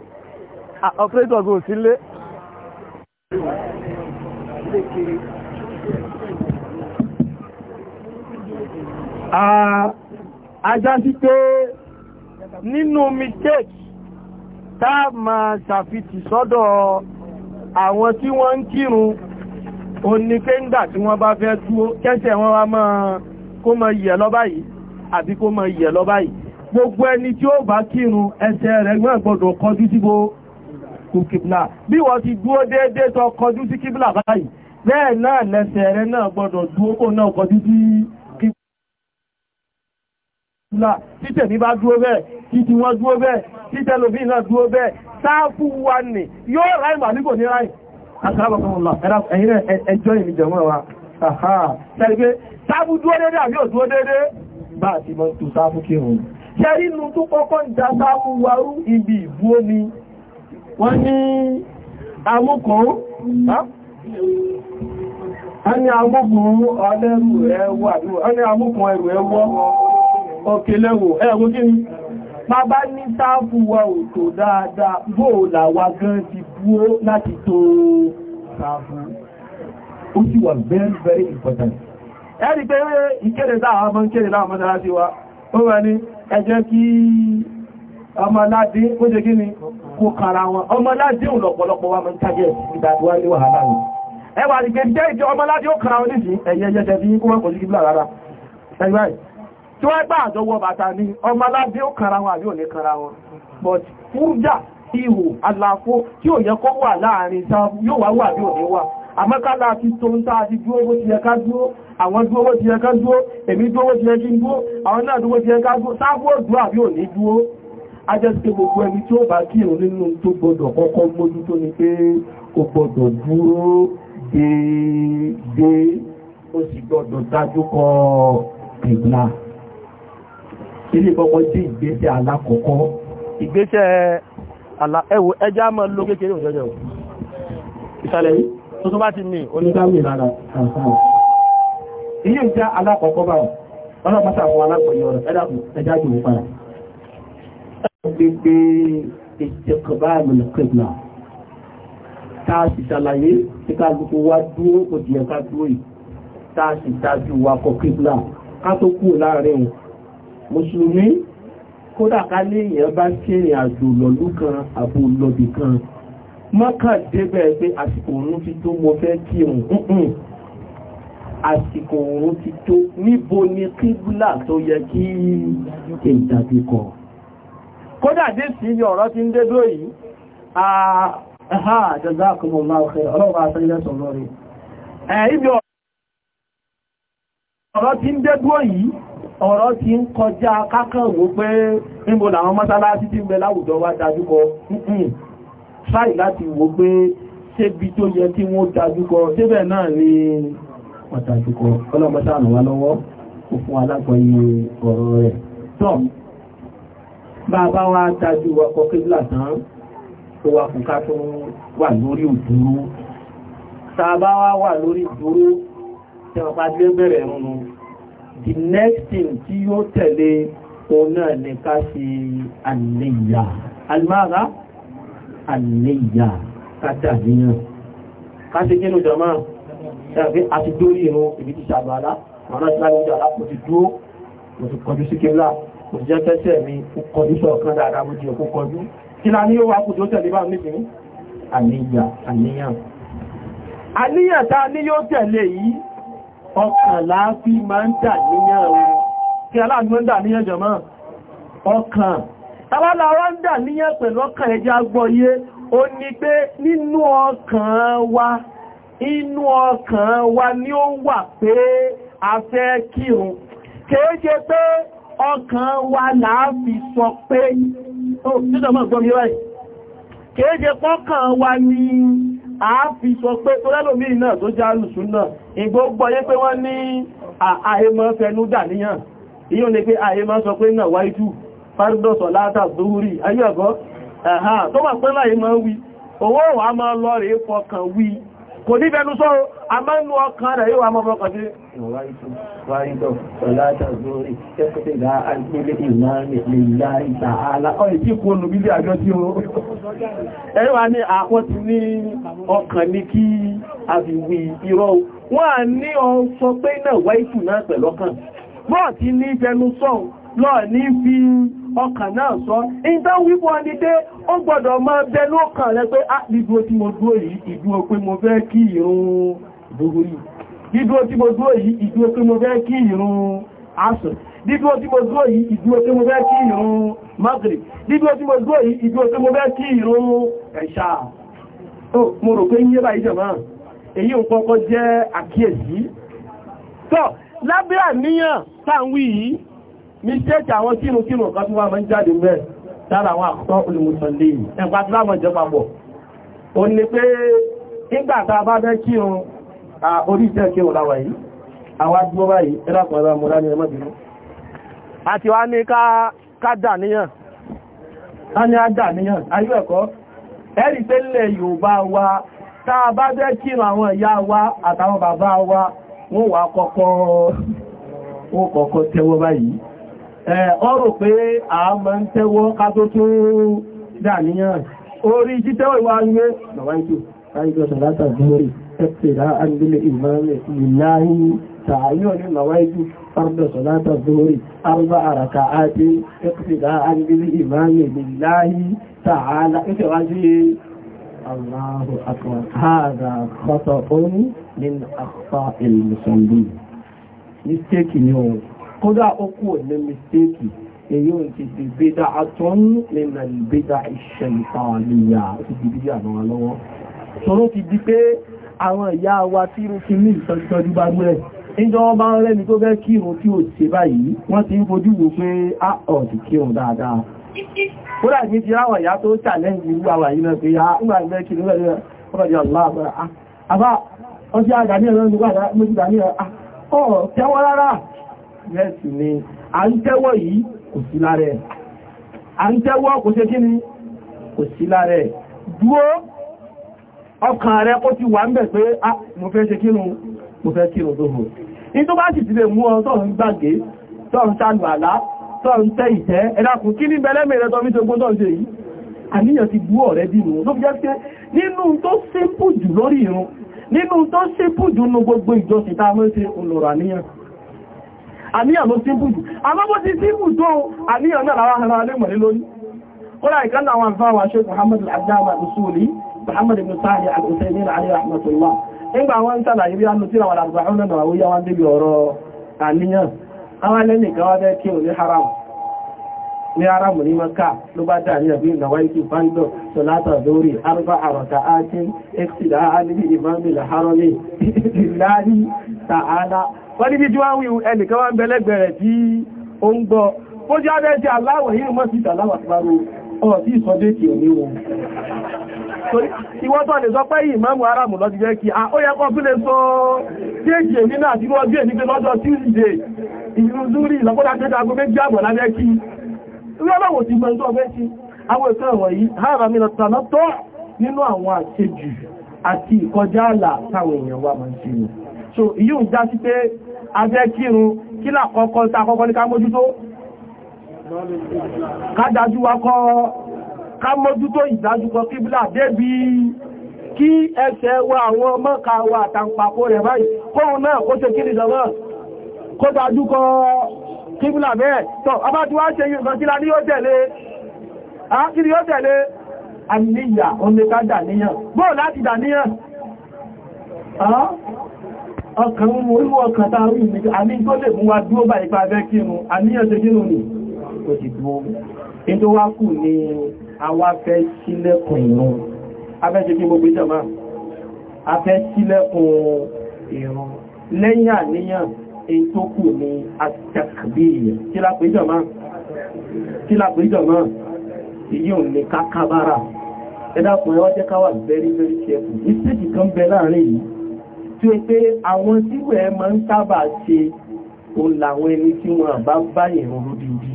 ọpẹ́tọ̀ kò sílé ajá sí pé nínú mistake tá ma ṣàfitì sọ́dọ̀ àwọn tí wọ́n ń kírun òní pé ń gbà tí wọ́n bá fẹ́ dúó kẹ́sẹ̀ wọn wá mọ́ kó mọ yẹ̀ lọ báyìí àbí kó mọ yẹ̀ lọ báyìí gbogbo ẹni tí ó bá kírun ẹsẹ̀ rẹ̀ gbọ́n gbọ́dọ̀ kọjú sí gbogbo kìbìlà bí wọ́n ti dúó déédéé tó kọjú sí kìbìlà báyìí bẹ́ẹ̀ náà lẹ́sẹ̀ rẹ̀ náà gbọ́dọ̀ dúó kó náà kọjú sí kìbìlà títẹ̀ mi bá dúó bẹ́ẹ̀ títí wọ́n wa nì yóò ráì mà nígbò ní ráì àtàràbàkọ̀ọ̀lá ẹ̀yìn ẹjọ́ ìmìjọ̀mọ́ wa mọ́ tó sáàfù kírun ṣẹ́rí inú tó kọ́kọ́ jàta wúwarú ibi ìbú omi wọ́n ní amúkan ẹni amúkan ọlẹ́rù ẹwọ́ ẹni amúkan ẹrù ẹwọ́ ọkẹlẹ́wò ẹwọ́ kí ni bàbá ní sáàfù wa dáadáa bóòlà wa gan ti búó láti tó sáàfù ó sì wà very very important ẹ jẹ́ kí ọmọládé ó jẹ́ kí ni kò kàrà wọn ọmọládé ò lọ̀pọ̀lọpọ̀ wa mọ́ ń tàgẹ̀ ìdàdúwà ní wàhálà ni ẹwà rí pé jẹ́ ìjọ ọmọládé ó kàrà wọn ní kàrà wọn but fúrújà ihò àlàfo tí ò yẹ kó wà láàrin yóò wá wà bí ò ní wà àmọ́kálá ti tó ń tá a àwọn dúó wó ti ẹka dúó èmi dúó wó ti ẹkí dúó àwọn náà dúó ti ẹka dúó sáàbò dúó àbí ò ní dúó a jẹ́ sí gbogbo ẹni tí ó bá kírun nínú tó gbọdọ̀ kọ́kọ́ mójú tó ní pé ó gbọdọ̀ dúró déédéé ó sì gbọdọ̀ dájú kọ ìgbà ilé ìkọ́kọ́ sí ìgbésẹ̀ alákọ̀ọ́kọ́ ìgbésẹ̀ ẹwọ ẹjá mọ́ ló kékeré òjọ́jọ́ ìsàlẹ̀ yìí tó tó bá ti mì onígbàmì lára àǹfààní ilé ìjá alákọ̀ọ́kọ́ bá wọn ọlọ́pàá sàwọn alákọ̀ọ́yọ̀ rẹ̀ ẹ̀dàkùn ẹjá jù wọ́n padà gbogbo ìtẹ̀kọ̀báàmù kẹbìlà táàsì ṣàlàyé tí ká gbogbo wá dúró kò díẹ̀ ká dúró yìí táàsì dájú wa kọ kẹbìlà ká tó kú láàrin mùsùlùmí kódà ká lé èèyàn bá ṣèrìn àjò lọ́lú kan àbò lọ́bì kan mọ́kàndébẹ̀ pé àsìkò òun fi tó mo fẹ́ kí òun àsìkò òun ti tó níbo ni kíbùlà tó yẹ kí ìdàbí kọ kódà dé sí ní ọ̀rọ̀ tí ń dé dúró yìí àhá àjọzá àkọmọ̀ máa ọ̀fẹ́ ọlọ́wọ́ àtàrílẹ̀ sọ̀rọ̀ rẹ̀ ibi ọ̀rọ̀ tí ń dé dúró yìí ọ̀rọ̀ tí ń kọjá kákànwó pé níbo làwọn mọ́sálásí tí ń bẹ láwùjọ wá dájúkọ ṣáì láti wò pé ṣébi tó yẹ tí wọ́n dájúkọ débẹ̀ náà ni pàtàkì kọ ọlọ́pàá sàánù wa lọ́wọ́ kò fún alágbọ̀nyí ọ̀rọ̀ rẹ̀ tọ́ bá a bá wá dájú ọkọ̀ kébìlà tán ó wá kù ká tó wà lórí òdúró tá a bá wá wà lórí òdúró tẹ́wọ́n pa gbé bẹ̀rẹ̀ rúnnu the next thing tí yóò tẹ̀lé òun náà ní ká ṣe àníyà almára àníyà ká dà níyàn ẹgbẹ́ àti dórí ìrún ibi ti ṣàbàlá àwọn aṣíláàrí ìjà lápò ti dúó mo ti kọjú sí kílá mo ti jẹ́ tẹ́sẹ̀ mi ó kọjú sọ ọ̀kan dáadáa mo ti òkú kọjú kí la ní ó wá kù tó tẹ̀lé bá mi fún àníyàn àníyàn àníyàn tá ní yóò tẹ̀lé yìí ọkàn láàfí máa ń dà níyàn rẹ̀ kí aláàbí máa ń dà níyàn jọmọ́ ọkàn tàbálàrá ń dà níyàn pẹ̀lú ọkàn ẹja gbọ́yé ó ní pé nínú ọkàn wa inú ọkàn wa ni ó wà pé a fẹ́ kírun pé ọkàn wa làá fi sọ pé kéèké pọ́kàn wa ni a fi sọ pé tó lẹ́lòmí náà tó já lùsùn náà ìgbógbọ́ yé pé wọ́n ní àhẹmọ́ fẹnú dà níyàn ìyọ́ ni pé àhẹmọ́ sọ pé náà wáyé fárídọ́sọ̀ látà ayé ọ̀gọ́ tó wà wí owó wà máa kò ní bẹnu sọ́rọ̀ a máa ń lọ ọkàn rẹ̀ yíwa mọ́mọ́ kan sí wáyítọ̀ ọ̀látà lórí ẹkùtẹ̀ ìlà àgbélé ìlànà ìtààlà ọ̀rẹ̀ tí kò nù bílé àjọ tí ó ẹ̀yíwa ní àwọn ti ní ọkàn ní kí a fi wí irọ́ wọ́n à ní ọkàn náà sọ ìdá wípọ́ ní pé ó gbọ́dọ̀ máa bẹ lókàn rẹ pé á ah, nídúró tí mo dúró yìí ìdúró pé mo fẹ́ kí ìrun dúhúrì nídúró tí mo dúró yìí ìdúró pé mo fẹ́ kí ìrun asr dídúró tí mo dúró yìí ìdúró tí mo fẹ́ kí ìrun maghrib dídúró tí mo dúró yìí ìdúró tí mo fẹ́ kí ìrun ẹ̀ṣà mo rò pé yíyẹ́ báyìí jẹ̀ máa èyí ò kọ́kọ́ jẹ́ àkíyèsí tọ́ lábẹ́ àníyàn táwọn yìí mistake àwọn kírùkírù kan tó wá mọ́ jáde mẹ́ dára àwọn àkọ́ olùmùsànlẹ̀ yìí ẹ̀kọ́ àti láwọn ìjọba pọ̀ o ní pé nígbàtà bá fẹ́ kírun orí iṣẹ́ kírun láwà yìí àwọn adúgbò báyìí ẹlápọ̀ ẹ̀rọ mọ́lá ní ẹmọ́ bínú àti wá ní wa tá a bá fẹ́ wa àtàwọn wa wọ́n wà kọ́kọ́ tẹ́wọ́ báyìí ọrọ̀ pé a mọ́ ń tẹ́wọ́ ká tó tó dàníyàn orí títẹ́wọ́ ìwà ayúwé nàwáìtò ayúwé sàlátà gbórí ẹ̀pẹ̀lá àgbélẹ̀ ìmọ̀lẹ̀ ìláhí tààyọ̀ ní nàwáìtò fardọ̀ sàlátà arba àràkà mistake ni o kódà ọkù ọ̀nà mistéèkì èyí ò ti di bídá àtún nínú ìbídá iṣẹ́ ìtàwàlìyà ti di bídá àwọn alọ́wọ́ sọ́rọ́ ti di pé àwọn ìyá wa tí ó ti ní ìtọ́jú bá gbẹ́ ìjọ wọn bá ń rẹ́ni tó fẹ́ kírun tí ó ṣe báyìí wọ́n ti ń fojú wò pé á ọ̀dì kírun dáadáa kódà ní ti ráwọ̀ ìyá tó challenge irú àwà yìí náà pé ah, á ń gbà ìgbẹ́ kírun lẹ́yìn ọ̀dì aláàbà àbá ọjọ́ àgbà ní ah, ẹ̀rọ darkness ni à ń tẹ́wọ́ yìí kò sí lára ẹ̀ à ń tẹ́wọ́ kò ṣe kí ni kò sí lára ẹ̀ dúró ọkàn rẹ kó ti wà ń bẹ̀ pé ah mo fẹ́ ṣe kínú mo fẹ́ kínú tó hù ní tó bá sì ti lè mú ọ tọ́ ń gbàgbé tọ́ ń sánù àlá tọ́ ń tẹ́ ìtẹ́ ẹ̀dàkùn kí ní bẹ̀lẹ́mẹ̀ rẹ tọ́ fi ṣogbó tọ́ ń ṣe yìí àníyàn ti bú ọ̀rẹ́ dì nù tó fi jẹ́ pé nínú tó simple jù lórí irun nínú tó simple jù nù gbogbo ìjọsìn tá a mọ́ ṣe olùrọ̀ àníyàn ló símbù jù alábó ti símbù tó àníyàn náà lára ara alé mọ̀lé lórí kọ́lá ìkan náà wọn fáwọn aṣe Muhammad al-Adama al-Usuli Muhammad ibn Sahih al-Uthaymin alayhi rahmatullah nígbà wọn sàlàyé bí ánú tíra wọn àgbàhún náà wọ́n yá wọn débi ọ̀rọ̀ àníyàn àwọn ẹlẹ́nì kan wá fẹ́ kí o ní haram ní haram ní maka ló bá dà ní ẹ̀bí ìnáwó ikú fáńdọ̀ (laughs) wọ́n níbi tí wọ́n wíwú ẹnìkan wá ń bẹ lẹ́gbẹ̀rẹ̀ tí ó ń gbọ́ ó jẹ́ abẹ́ tí aláwọ̀ yìí mọ́ sí ìdàláwà paró ọ̀rọ̀ sí ìsọdé tí ò ní wọn ìwọ́n tó lè sọ pé yìí mọ́mù aráàmù lọ́dí jẹ́ kí ah, ó yẹ kọ́ fílẹ̀ sọ déèjì èmi náà tí wọ́n bí èmi pé lọ́jọ́ Tuesday ìlú zúrí ìlọ́pọ́dá tẹ́ta agbó méjì àbọ̀ lábẹ́ kí lọ́lọ́wò ti gbọ́n tó ọgbẹ́ sí àwọn ètò ẹ̀wọ̀n yìí hàrà mi lọ́tọ̀ nínú àwọn àṣejù àti ìkọjá àlà táwọn èèyàn wà máa ń ṣe so yíò já sí pé a fẹ́ kírun kí làkọ́kọ́ ta kọ́kọ́ ní ká mójútó ká dájú wa kọ́ ká mójútó ìdájúkọ kíbílà débi kí ẹsẹ̀ wa àwọn mọ́ka wa àtàǹpàkó rẹ̀ báyìí kóhun náà kó ṣe kí nìjọba kó dájúkọ kíbílà bẹ́ẹ̀ tọ́ abájúwá ṣe yìí nǹkan kí lá ní yóò tẹ̀lé àkírí yóò tẹ̀lé àníyà oníká dàníyàn bóò láti dàníyàn ọkàn ń mú orúwọ́ ọkàn tàà rí ìmìtì àní tó lè mú wa dúró bá ipa abẹ́ kírun àníyàn ṣe kírun ní kò sì dúró ní tó wá kù ní àwa sílẹ̀kùn ìrun abẹ́ ṣe kí gbogbo ìjọba a fẹ́ sílẹ̀kùn ìrun lẹ́yìn àníyàn èyí tó kù ní àtàkbíyà kí lápẹ́ ìjọba kí lápẹ́ ìjọba èyí ò ní kákábára ẹ̀dàkùnrin wọ́n jẹ́ káwà very very careful ìsìnkì kan bẹ láàrin yìí tí ó pé àwọn tí wẹ̀ máa ń sábà ṣe o làwọn ẹni tí wọ́n bá bá ìrun lórí ibi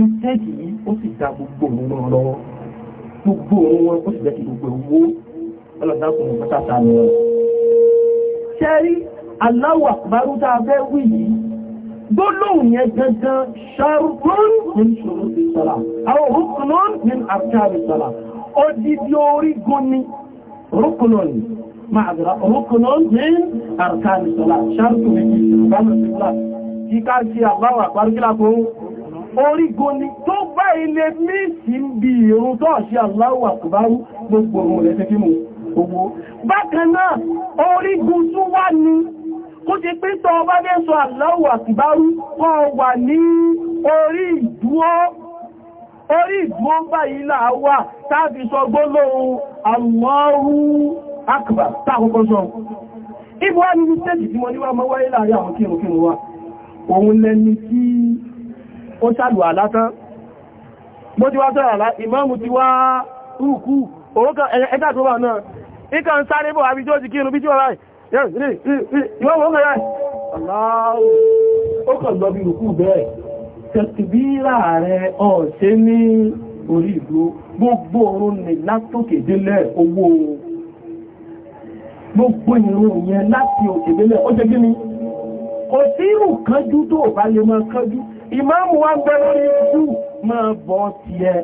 ìtẹ́kì yìí ó sì dá gbogbo òun wọn lọ́wọ́ gbogbo òun wọn ó sì bẹ́ẹ̀ ti gbogbo owó ọlọ́dákùnrin pátáta ni ni rúkùnún معذرة ركن من أركان الصلاة شرط من أركان الصلاة kíká sí àbáwà àpárikílàpọ̀ orígun ni tó bá ilé mísì ń bí irun tó ṣe aláwà àkùbárú gbogbo ohun rẹ̀ fẹ́ kí mú owó bákan náà orígun tún wá ní kó ti pé tọ́ ọba ní sọ aláwà àkùbárú kọ́ wà ní orí ìdúró orí ìdúró báyìí láàwà tàbí sọ gbólóhùn Allahu akbar táàkùkọ́ sọ ibu wá ní mistake tí mo ní wá mọ́ wáyé láàrin àwọn kírun kírun wa òun lẹni tí ó sàlù àlátán bó ti wá sọ́rọ̀ àlá ìmáàmù ti wá rúkú òrókàn ẹgbà tó gbogbo orun ni látòkè délẹ̀ owó gbogbo ìrùn yẹn láti òkèdélẹ̀ ó jẹ́ gíní kò sí ìrù kánjú tó bá lè máa kánjú ìmáàmù wá gbẹ́ lórí ikú máa bọ́ ti ẹ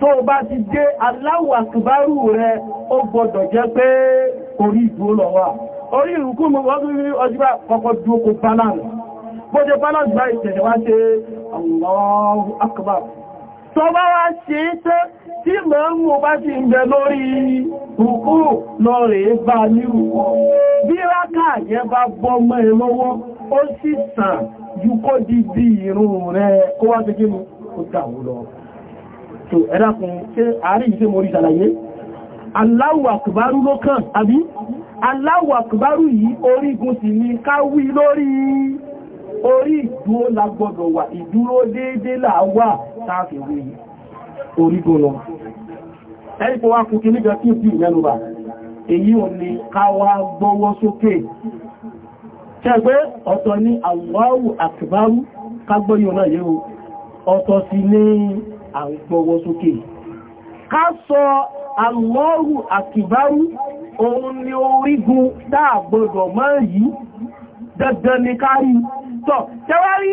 tó bá ti dé Allahu akbaru rẹ ó gbọdọ̀ jẹ́ pé orí ìdúró lọ wà orí ìrùkú mú wọ́n rí ọjọ́ kọ́kọ́ akbar tó bá wá ṣe tẹ́ tí mọ̀ ń mú bá ti ń bẹ lórí rùkú lọ rẹ̀ bá ní rùkú bí rákà yẹ bá bọ́mọ́ ẹ lọ́wọ́ ó sì sàn ju kó di bí ìrun rẹ̀ kó wá ti gínú ó dàwó lọ tó ẹ̀dàkùn ṣe àárí ìṣẹ́ morí ṣàlàyé Allahu akbaru ló ni ká wí lórí orí ìdúró la gbọdọ̀ táàfì wé orígbò lọ ẹ́rìkò wá kú kí nígbà tí bí ìmẹ́lúbà èyí ò ní káwà gbọ́wọ́ sókè tẹ́gbẹ́ ọ̀tọ̀ ní Allahu akbaru kágbọ́yọ̀ náà yẹ́ o ọ̀tọ̀ sí ní àgbọ́wọ́ sókè ká sọ Allahu akbaru òun ni orígun dáàgbọ́dọ̀ mọ́ yìí dandan ni kárí tọ́ tẹ́wárí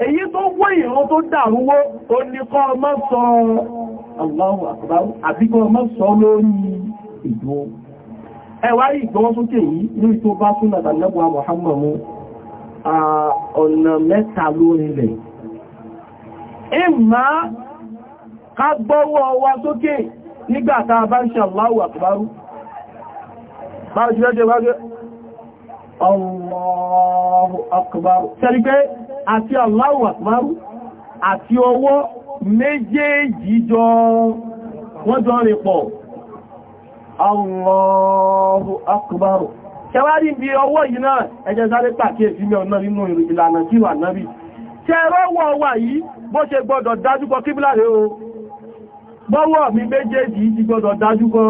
èyí tó wọ́ ìran tó dàrúwó o ní kọ́ ọmọ sọ Allahu Akbar àbí kọ́ ọmọ sọ lórí ìgbó ẹwà ìgbọ́n sókè yìí ní ìtò bá súnà tàbílẹ́gbà Muhammadu ọ̀nà mẹ́ta lórí rẹ̀ ìmá ká gbọ́wọ́ wa sókè nígbàtà bá ń ṣe Allahu Akbar Allahu Akbar. Tẹ́lí àti Allahu Akbar àti ọwọ́ méjèèjì jọ wọ́n jọ rẹ̀ pọ̀ Allahu Akbar kẹwàárí bí ọwọ́ yìí náà ẹjẹ́ sáré pàkíyèsí mẹ́ ọ̀nà nínú ìlànà tí wà náà rí tẹ́rọwọ́ wà yìí bó ṣe gbọ́dọ̀ dájúkọ kíblà rẹ̀ o bọ́wọ́ mi méjèèjì ti gbọ́dọ̀ dájúkọ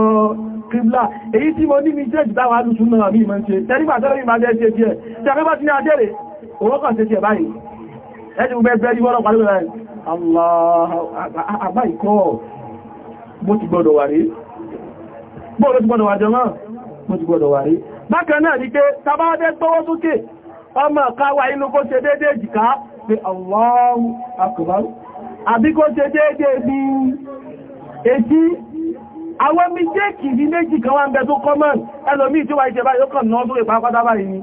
kíblà èyí tí mo ní méjèèjì dáwà alùsùn náà mi ìmọ̀ ṣe tẹ́rígbà tẹ́rẹ́ owó kan ṣe ti ẹ̀bá yìí ẹni gbogbo ẹgbẹ́ yíwọ́n lọ́pàá lórí rẹ̀ àbá ìkọ́ bó ti gbọdọ̀ wà rí bó ló ti gbọdọ̀ wà jọmọ́ bó ti gbọdọ̀ wà rí bákan náà ni pé tàbádẹ́ gbọ́wọ́ sókè ọmọ káwà inú kó ṣe déédé jìká pé Allahu akbar àbí kó ṣe déédé bí etí àwọn méjèèkì ní méjì kan wá ń bẹ tó kọ́mọ̀ ẹlòmí tí wà ìṣẹ́bá yóò kàn náà tó ìpapátá báyìí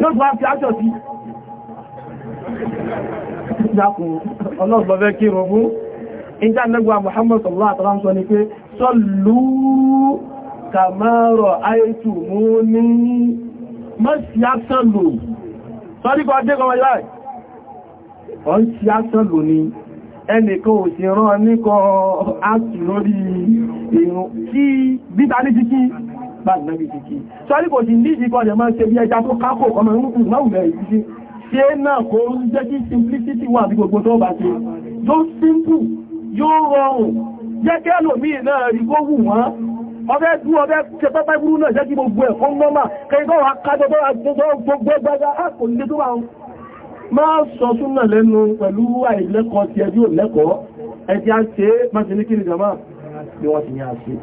ló bá fi ájọ̀ sí ìjákùn ọlọ́gbọ̀fẹ́ kí rọ̀mú ìjá lẹ́gbà Muhammad sallallahu alaihi wasallam sọ ní pé sọ́lú kàmọ́rọ̀ àìtù mú ní mọ́sí àtọ́lù sọ́rí kọ́ dé kọmọ yáì ọ̀ ń sí ni ẹnìkan ò sí rán níkan áàtù lórí ìrùn kí bíta ní ti kí báyìí ti kí sọ́rí kò sí nídìí kan jẹ máa ṣe bí ẹja tó kápò ọmọ ìrúkùn máwùlẹ̀ ìrísí ṣe náà kò ń jẹ́ kí simplicity wà bí gbogbo tó bá ṣe tó simple yóò rọrùn jẹ́ kí ẹlòmíì náà rí kó wù wọ́n ọbẹ̀ tú ọbẹ̀ ṣe pẹ́pẹ́ burú náà jẹ́ kí gbogbo ẹ̀kọ́ nọ́mà kẹ́yìn tó wà kájọ tó gbogbo gbogbo àkò nílé tó wàhùn máa sọ súnà lẹ́nu pẹ̀lú àìlẹ́kọ̀ọ́ ti ẹjú òlẹ́kọ̀ọ́ ẹ̀jẹ̀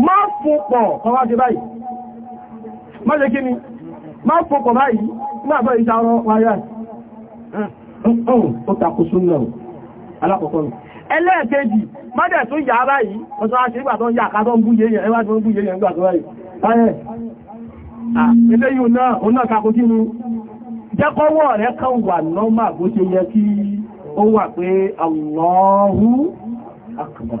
má fòpọ̀ kọwá ṣe báyìí má ṣe kí ni má fòpọ̀ báyìí má fẹ́ ìta ọ̀rọ̀ wáyé ó takò súnlẹ̀ alákọ̀ọ́kọ́ ẹlẹ́ẹ̀kejì má dẹ̀ tún yà báyìí ọ̀sán aṣígbà tó ń yà kátọ́ ń bú yẹ yẹn ẹwà tó ń bú yẹ yẹn gbà tó báyìí eléyìí náà òun náà takò kí ni jẹ́kọ́wọ́ rẹ̀ kan wà nọ́mà bó ṣe yẹ kí ó wà pé Allahu akbar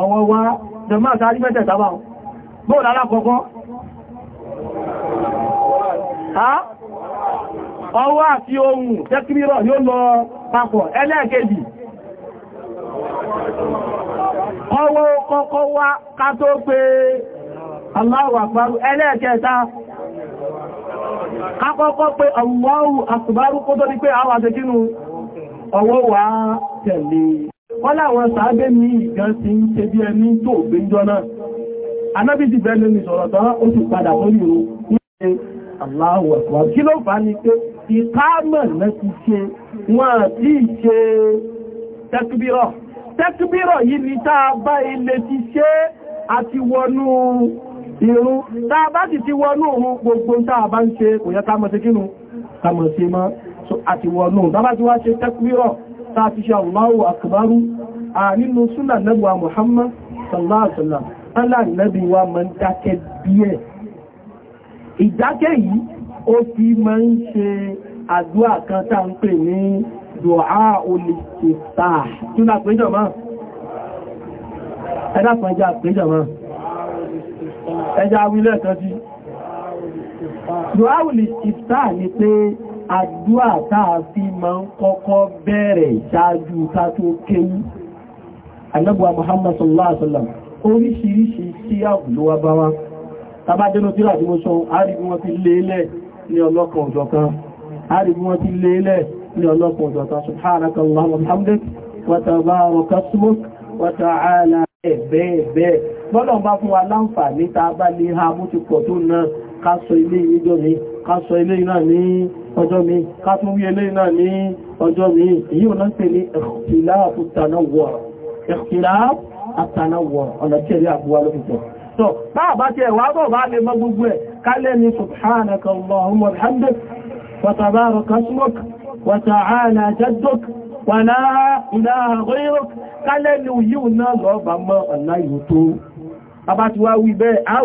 ọ̀wọ̀ wá jọmọ́ àtàrí mẹ́tẹ̀ tàbá bóò lára kọ̀kọ́ ọwọ́ àti ohun tẹ́kìmírọ̀ ni lọ papọ̀ ẹlẹ́ẹ̀kejì ọwọ́ kọ́kọ́ wá ká tó pé ẹlẹ́ẹ̀kẹta wọ́n láwọn sàábé ní ìgán ti ń ṣe bí ẹni tó gbéjọ́ náà anábí ti bẹ́ẹ̀ lórí sọ̀rọ̀ tán ó sì padà sórí ìrun ní ṣe Allahu kí ló fà ní pé ìkámọ̀ náà ti ṣe wọ́n ti ṣe tẹ́kbírọ̀ tẹ́kbírọ̀ yìí ni tá a bá ilé ti ṣe àti wọnú ìrun tá a bá sì ti wọnú òun gbogbo tá a bá ń ṣe kò yẹ ká mọ̀ sí kínú ká mọ̀ sí mọ́ àti wọnú tá bá ti wá ṣe tẹ́kbírọ̀ ta fi ṣe Allahu akbaru a nínú súnà nabuwa Muhammad sallallahu alaihi wasallam tálà nabi wa máa ń dákẹ́ díẹ̀ ìdákẹ́ yìí ó fi máa ń ṣe àdúrà kan tá ń pè ní du'a ul-istiftah tí ó ni pé àdúà táà fi ma ń kọ́kọ́ bẹ̀rẹ̀ ṣáájú ká tó kéwú anábùwa Muhammad sallallahu alaihi wasallam oríṣiríṣi sí àbúlówà bá wá tàbájẹ́nà tí láti mọ́ṣọ́ àríbí wọn ti lélẹ̀ ní ọlọ́kan ọ̀jọ̀kan àríbí wọn ti lélẹ̀ ní ọlọ́kan ọ̀jọ̀kan subhanaka Allahumma wa bihamdik wa tabaraka ismuk wa ta'ala bẹ́ẹ̀ bẹ́ẹ̀ bọ́lọ̀ bá fún wa láǹfà ní ta bá lè ha mú ká sọ eléyìí náà ní ọjọ́ mi ká tún wí eléyìí náà ní ọjọ́ mi èyí ò náà pè ní ikhtilafu tanawwu' ikhtilafu tanawwu' ọ̀nà tí ẹ̀rí àbúwá ló fi tọ̀ so báà bá ti ẹ̀wà bọ̀ bá lè mọ gbogbo ẹ̀ kálẹ̀ ní subhanaka allahumma wa bihamdik wa tabaraka ismuk wa ta'ala jadduk wa la a bá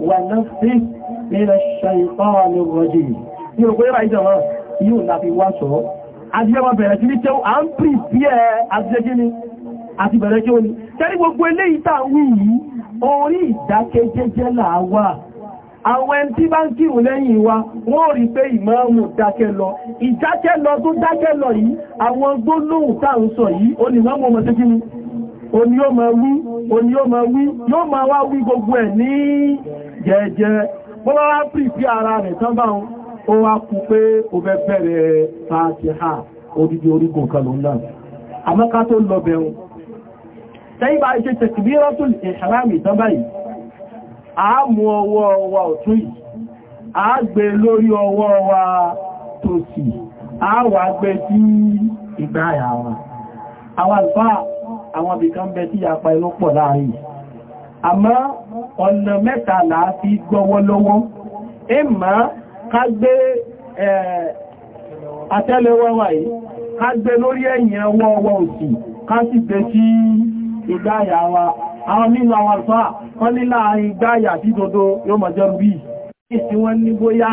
ونفسه من الشيطان الرجيم yóò kó yẹ́bà ìjọba yóò láti wá sọ àdíyàwó bẹ̀rẹ̀ tí ní tẹ́wọ́ à ń pì sí ẹ àtijẹ́jẹ́ ni àti bẹ̀rẹ̀ tí ó ní tẹ́rí gbogbo eléyìí tá wí yìí orí ìdákẹ́jẹ́jẹ́ làwà àwọn ẹni tí bá ń kírun lẹ́yìn wa wọ́n rí pé ìmáàmù dákẹ́ lọ ìdákẹ́ lọ tó dákẹ́ lọ yìí àwọn gbólóhùn tá ń sọ yìí ó ní ìmáàmù ọmọ tẹ́kí ni ó ní ó máa wí ó ní ó máa wí yóò máa wá wí gbogbo ẹ̀ ní jẹ́ẹ́jẹ́ bó bá wá pì sí ara rẹ̀ tán bá wọn ó wá kú pé ó fẹ́ bẹ̀rẹ̀ fàájìhà odidi orígun kan ló ń náà àmọ́ká tó lọ bẹ̀rún tẹ́yìn bá iṣẹ́ takbiratul ihram tán báyìí a mú ọwọ́ wa ọ̀tún yìí a gbé lórí ọwọ́ wa tòsì a wà gbé sí ìgbà àyà wa àwọn yìí àmọ́ ọ̀nà mẹ́ta làá fi gbọ́wọ́ lọ́wọ́ ẹ ma ká gbé àtẹ́lẹwọ́ wa yìí ká gbé lórí ẹ̀yìn ọwọ́ ọwọ́ òsì ká sì gbé sí ìgbáyà wa àwọn nínú àwọn àlùfáà wọ́n ní láàrin ìgbáyà tí dodo yóò mọ̀ jẹun bí i tí wọ́n ní bóyá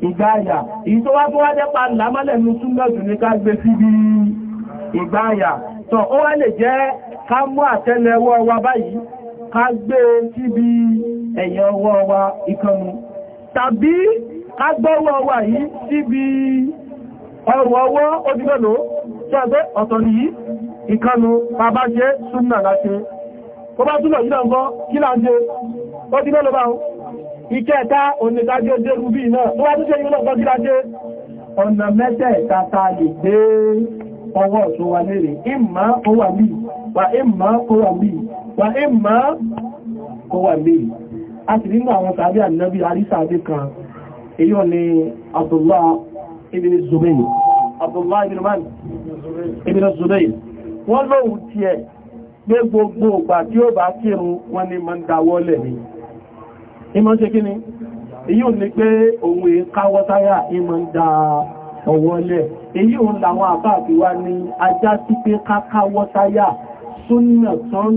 ìgbáyà èyí tó wá tó wá jẹ́pa lámọ́lẹ̀ ní súnmọ́jù ní ká gbé sí bí ìgbáyà tọ́ ó wá lè jẹ́ ká mú àtẹ́lẹwọ́ wa báyìí ká gbé e sí bí ẹ̀yẹ ọwọ́ wa ìkànnù tàbí ká wa yìí sí bí ọwọ́ ìkẹta onígbàjọ́ dé náà tó tó ṣe yíò lọ́pọ̀ síláṣẹ́ ọ̀nà mẹ́tẹ̀ẹ̀ta ta lè dé ọwọ́ tó wà lérè ìmá ó wà bí wà ìmá ó wà wà ìmá ó wà a sì nínú àwọn tàbí ànábí àrísàdé kan ni wọ́n lóhun tí ìmọ̀ ṣe kí ni èyí ò ní pé òun èkáwọ́ táyà ìmọ̀ ń da ọwọ́ lẹ̀ èyí ò ń làwọn àbá àbíwá ní ajá sí pé kákáwọ́ táyà súnnàtún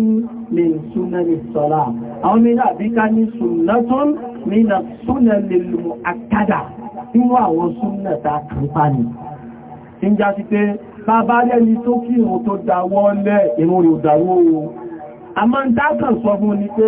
ní súnnàní sọ́lá àwọn mìíràn àbíká ní súnnàtún ní súnnàní lùmù àkádà inú àwọn súnnàtà kàmpani tí ń já sí pé bàbá rẹ̀ni tó a máa ń dákàn sọ fún ni pé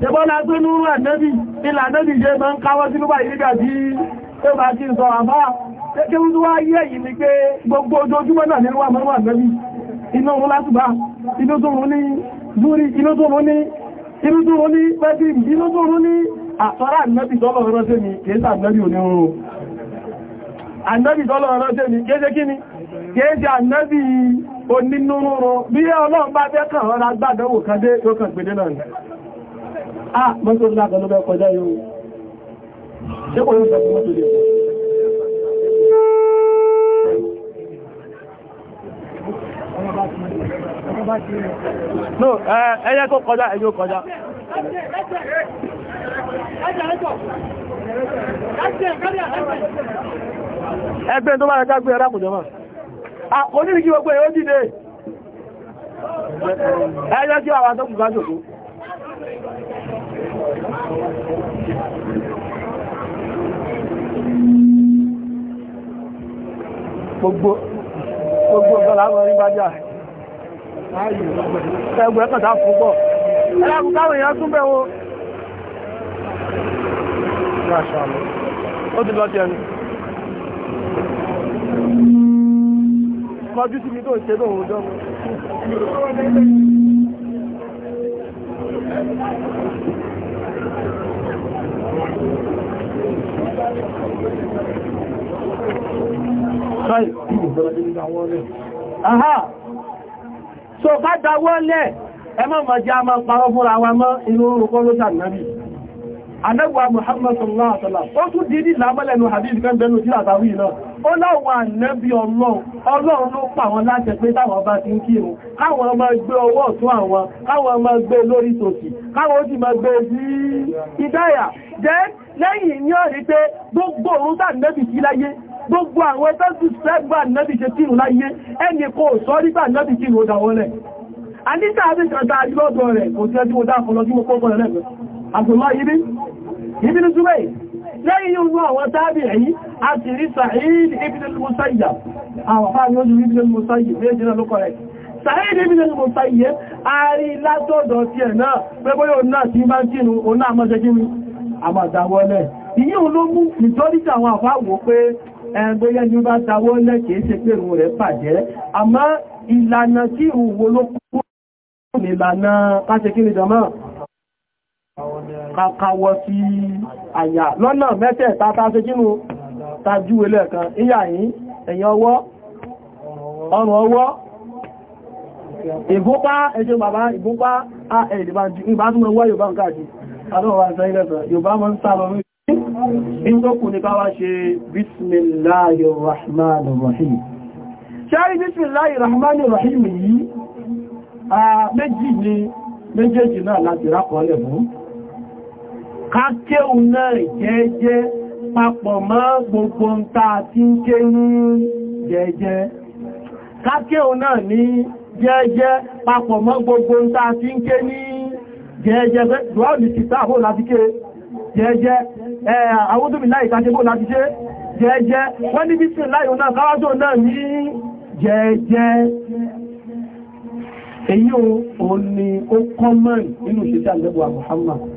tẹbọ́lá tó ní rúrà nẹ́bì ilà nẹ́bì jẹ́ mọ́ ń káwọ́ sí lúbà ìrìgà tí ó bá ti sọ àmá tẹ́kẹ́ ń wá yẹ́ yìí ni pé gbogbo ojoojúmọ́ náà ní rúwà mọ́rúwà nẹ́bì inú oòrùn látùbá inú tó rún ní zúrí inú tó rún ní inú tó rún ní pẹ́tìm inú tó rún ní àtọ́rà nẹ́bì tọ́lọ̀ ọ̀rọ̀ sí mi kéèsà nẹ́bì òní oòrùn ànẹ́bì tọ́lọ̀ ọ̀rọ̀ sí mi kéèsè kíni kéèsè ànẹ́bì onínúrúurú bí ọlọ́run bá fẹ́ kàn ọ́ra gbádẹ́wò kan dé yóò kàn gbèdé náà ah mọ́tò na kan ló bẹ́ kọjá yóò ṣe kò yóò sàkó mọ́tò lè no ẹyẹ kó kọjá ẹjọ́ kọjá ẹgbẹ́ tó bá rẹ̀ kágbé ẹ̀rá kùjọ mọ́ onírí ah, kí gbogbo ẹ̀yọ́ dìde ẹyẹ kí àwọn àtọ́kù bá jòkó gbogbo gbogbo ọ̀gọ́lá àwọn orí bájá ẹgbẹ́ ẹ̀kọ̀ta fún bọ̀ ẹlẹ́kùn káwọn èèyàn tún bẹ̀wọ́ ó ti lọ ti ẹnu kọjú sí mi tó ṣe lóòrùn jọ́ so ká dáwọ́lẹ̀ ẹmọ́ mọ̀já ma parọ́ fúnra wa mọ́ inú orúkọ ló sàrìnàbí anẹ́gbà Muhammad sallallahu alaihi wasallam ó tún dìdí lámọ́lẹ̀nu hadith kan àtàwí náà ó láwọn ànábí ọlọ́run ọlọ́run ló pa àwọn láti pé táwọn bá ti ń kírun káwọn máa gbé ọwọ́ ọ̀tún àwọn káwọn máa gbé lórí tòsì káwọn ó sì máa gbé sí ìdáyà jẹ́ lẹ́yìn ní ọ̀rí pé gbogbo òun tà nẹ́bì sí láyé gbogbo àwọn ẹgbẹ́sù sẹ́gbà nẹ́bì ṣe kírun láyé ẹni kò sọ nígbà nẹ́bì kírun dáwọn rẹ̀ àníta àbíkàtà àjúlọ́dọ̀ rẹ̀ kò tẹ́jú ó dá lẹ́yìn ogun àwọn tábì èyí a ti rí Sa'id ibn al-Musayyab àwọn fáàmì ojú ibn al-Musayyab méjì náà ló kọ̀rẹ̀ Sa'id ibn al-Musayyab a rí látọ̀dọ̀ tí ẹ̀ náà pẹ́gbọ́ yóò náà tí bá jínú oná àmọ́jẹ́gínú àmàdàwọlẹ̀ ìyíò ló mú ìjọ́díjà àwọn àfáwò pé ẹgbẹ́yẹ́ ni bá ìlànà tí ìrùn wo ló kúrò kàkàwọ́ sí àyà lọ́nà mẹ́tẹ̀ẹ̀ta tàṣe kínú tajú ilẹ̀ kan ìyà yìí ẹ̀yìn ọwọ́ ọrùn ọwọ́ ìgúnpá ẹjọ́ bàbá ìgúnpá ìbátúnmọ̀wọ́ Yorùbá ń káàkiri adọ́wà ìsẹ́lẹ̀sẹ̀ Yorùbá mọ́ ń sáàbọ̀ mú ìgbókù ní káwà ṣe bismillahir rahmanir rahim ṣáàrí bismillahir rahmanir rahim yìí méjì ni méjèèjì náà láti rákọ̀ọ́lẹ̀ fún kákéhùn náà jẹ́jẹ́ papọ̀ mọ́ gbogbo ń ta tí ń ké ní jẹ́jẹ́ kákéhùn náà ní gbogbo ń ta tí ń ké ní jẹ́jẹ́ du'a ní ti sáàbò láti jẹ́jẹ́ a'udhu billahi ìtàṣẹ́bò láti jẹ́jẹ́ wọ́n ní èyí òun ni ó kọ́mọ̀ nínú ìṣẹ́sẹ́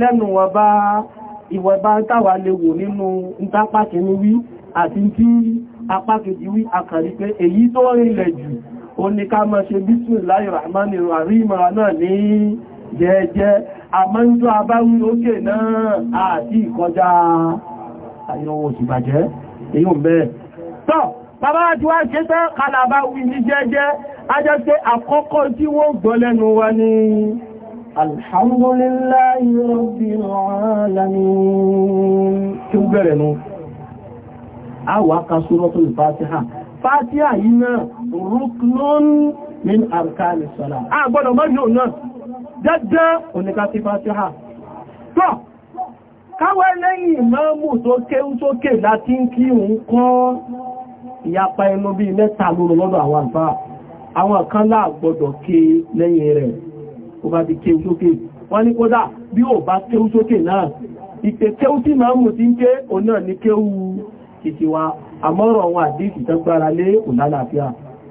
lẹ́nu ìwọ̀nba táwà lè wò nínú ìtàpàkínú wí àti tí apákejì wí àkàrí pé èyí tó rìnlẹ̀ jù ó ní ká máa ṣe bismillahir rahmanir rahim náà ní jẹ́ẹ̀jẹ́ àmọ́jú abáwí òkè náà àti ìkọjá àyẹ̀wò òṣìbàjẹ́ èyí ò الحمد لله رب العالمين kí ó bẹ̀rẹ̀ nú a wà ká Suratul Fatiha Fatiha yìí náà rúknún min arkani sọ́lá a gbọ́dọ̀ mọ́ yóò náà dáadáa oníká sí Fatiha tọ́ káwẹ́ lẹ́yìn ìmáàmù tó kéhù sókè ìyapa ẹnu bí mẹ́ta lórí lọ́dọ̀ àwọn àfáà àwọn kan láà gbọ́dọ̀ ké lẹ́yìn rẹ̀ ó bá ti kéwú sókè wọ́n ní kódà bí ó bá kéwú sókè náà ìpè kéwú tí máa mú ti ń ké òun náà ní kéwú titiwa àmọ́rọ̀ àwọn àdíkì tó gbára lé òlàlàáfíà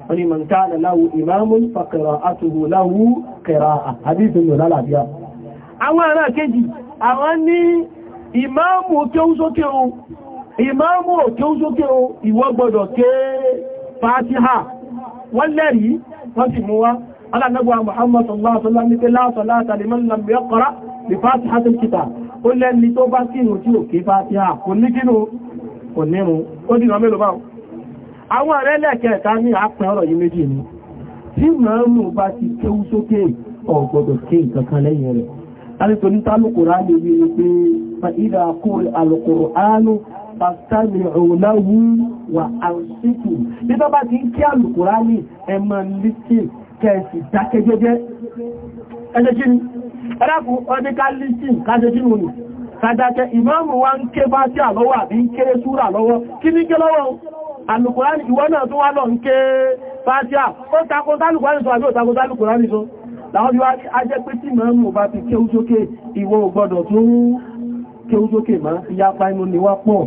wọ́n ni man kana lahu imamun fa qira'atuhu lahu qira'a àdíkì ní òlàlàáfíà wọ́n lẹ́rìí wọ́n sì mú wá alánàgbà Muhammad sallallahu alaihi wasallam ní pé la salata liman lam yaqra bi fatihatil kitab ó lẹ́ni tó bá kí ìrùn tí ò kí fatiha kò ní kínú kò nírun ó dìnà mélòó báwọn àwọn ọ̀rẹ́ lẹ́kẹ̀ẹ́ta ní àpẹ ọ̀rọ̀ yìí méjì ni tí mẹ́rùn bá ti kéwú sókè ọ̀gbọ̀dọ̀ ké ìkankan lẹ́yìn rẹ̀ alìtò ní tálùkùrá ní kẹsì dákẹ́ jẹ́jẹ́ ẹjẹ́jìn ẹ̀rẹ́kù ọdí ká lítì kájẹ́jìn òní kájákẹ́ ìmáàmù wa ń ké bá sí àlọ́wọ́ àbí ń kéré súrà lọ́wọ́ kí ní ké lọ́wọ́ alùkùránì ìwọ náà tó wá lọ ń ké bá sí à ó takò tálùkùránì sọ àbí ó takò tálùkùránì sọ láwọn bí wá ajẹ́ pé tí ìmáàmù bá fi kéhú sókè ìwọ ò gbọdọ̀ tó kéhú sókè má ìyapa inú ni wá pọ̀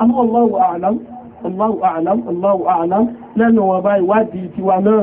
àmọ́ Allahu a'lam Allahu a'lam Allahu a'lam lẹ́nu wọn bá ìwádìí tiwa náà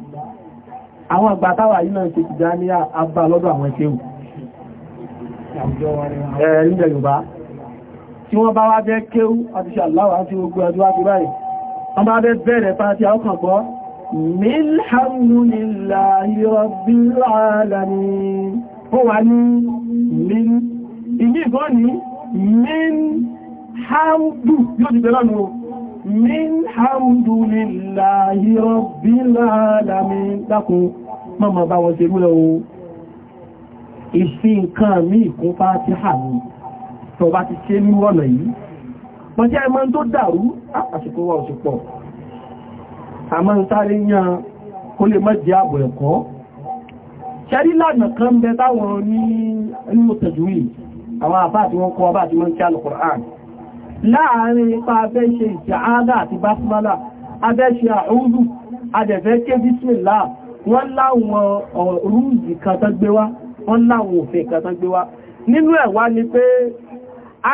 àwọn àgbà táwà yìí náà ṣe tìjá ní àbá lọ́dọ̀ àwọn ẹ̀ṣẹ́wù ẹ̀ẹ́lẹ́gbẹ̀ Yorùbá tí wọ́n bá wá bẹ́ kéwú àti ṣàláwà àti ogun ọdún wájú báyìí wọ́n bá bẹ́ bẹ̀rẹ̀ pàtí àwọ́kàn gbọ́ من حمد لله رب العالمين dákun mọ́mọ̀ bá wọn ṣe rú lọ́wọ́ ìfin nǹkan mí ìkún fàtíhà ní tó bá ti ṣe ní wọ́nà yìí wọ́n jẹ́ ẹmọ́ tó dàrú àṣìkò wà òṣìpọ̀ àmọ́ ń sáré yán kó lè mọ́ jẹ́ àbọ̀ ẹ̀kọ́ ṣẹ́rí lànà kan bẹ táwọn ní inú tẹ̀júwì àwọn àbá àti wọn kọ́ àbá àti mọ́ ń kí alùkùrán láàrin ipa abẹ́ ṣe ìjàádà àti basmala abẹ́ ṣe àúrù adẹ̀fẹ́ ké bísmìlá wọ́n láwọn rúùzì kan tán gbé wá wọ́n láwọn òfin kan tán gbé wá nínú ẹ̀ wá ni pé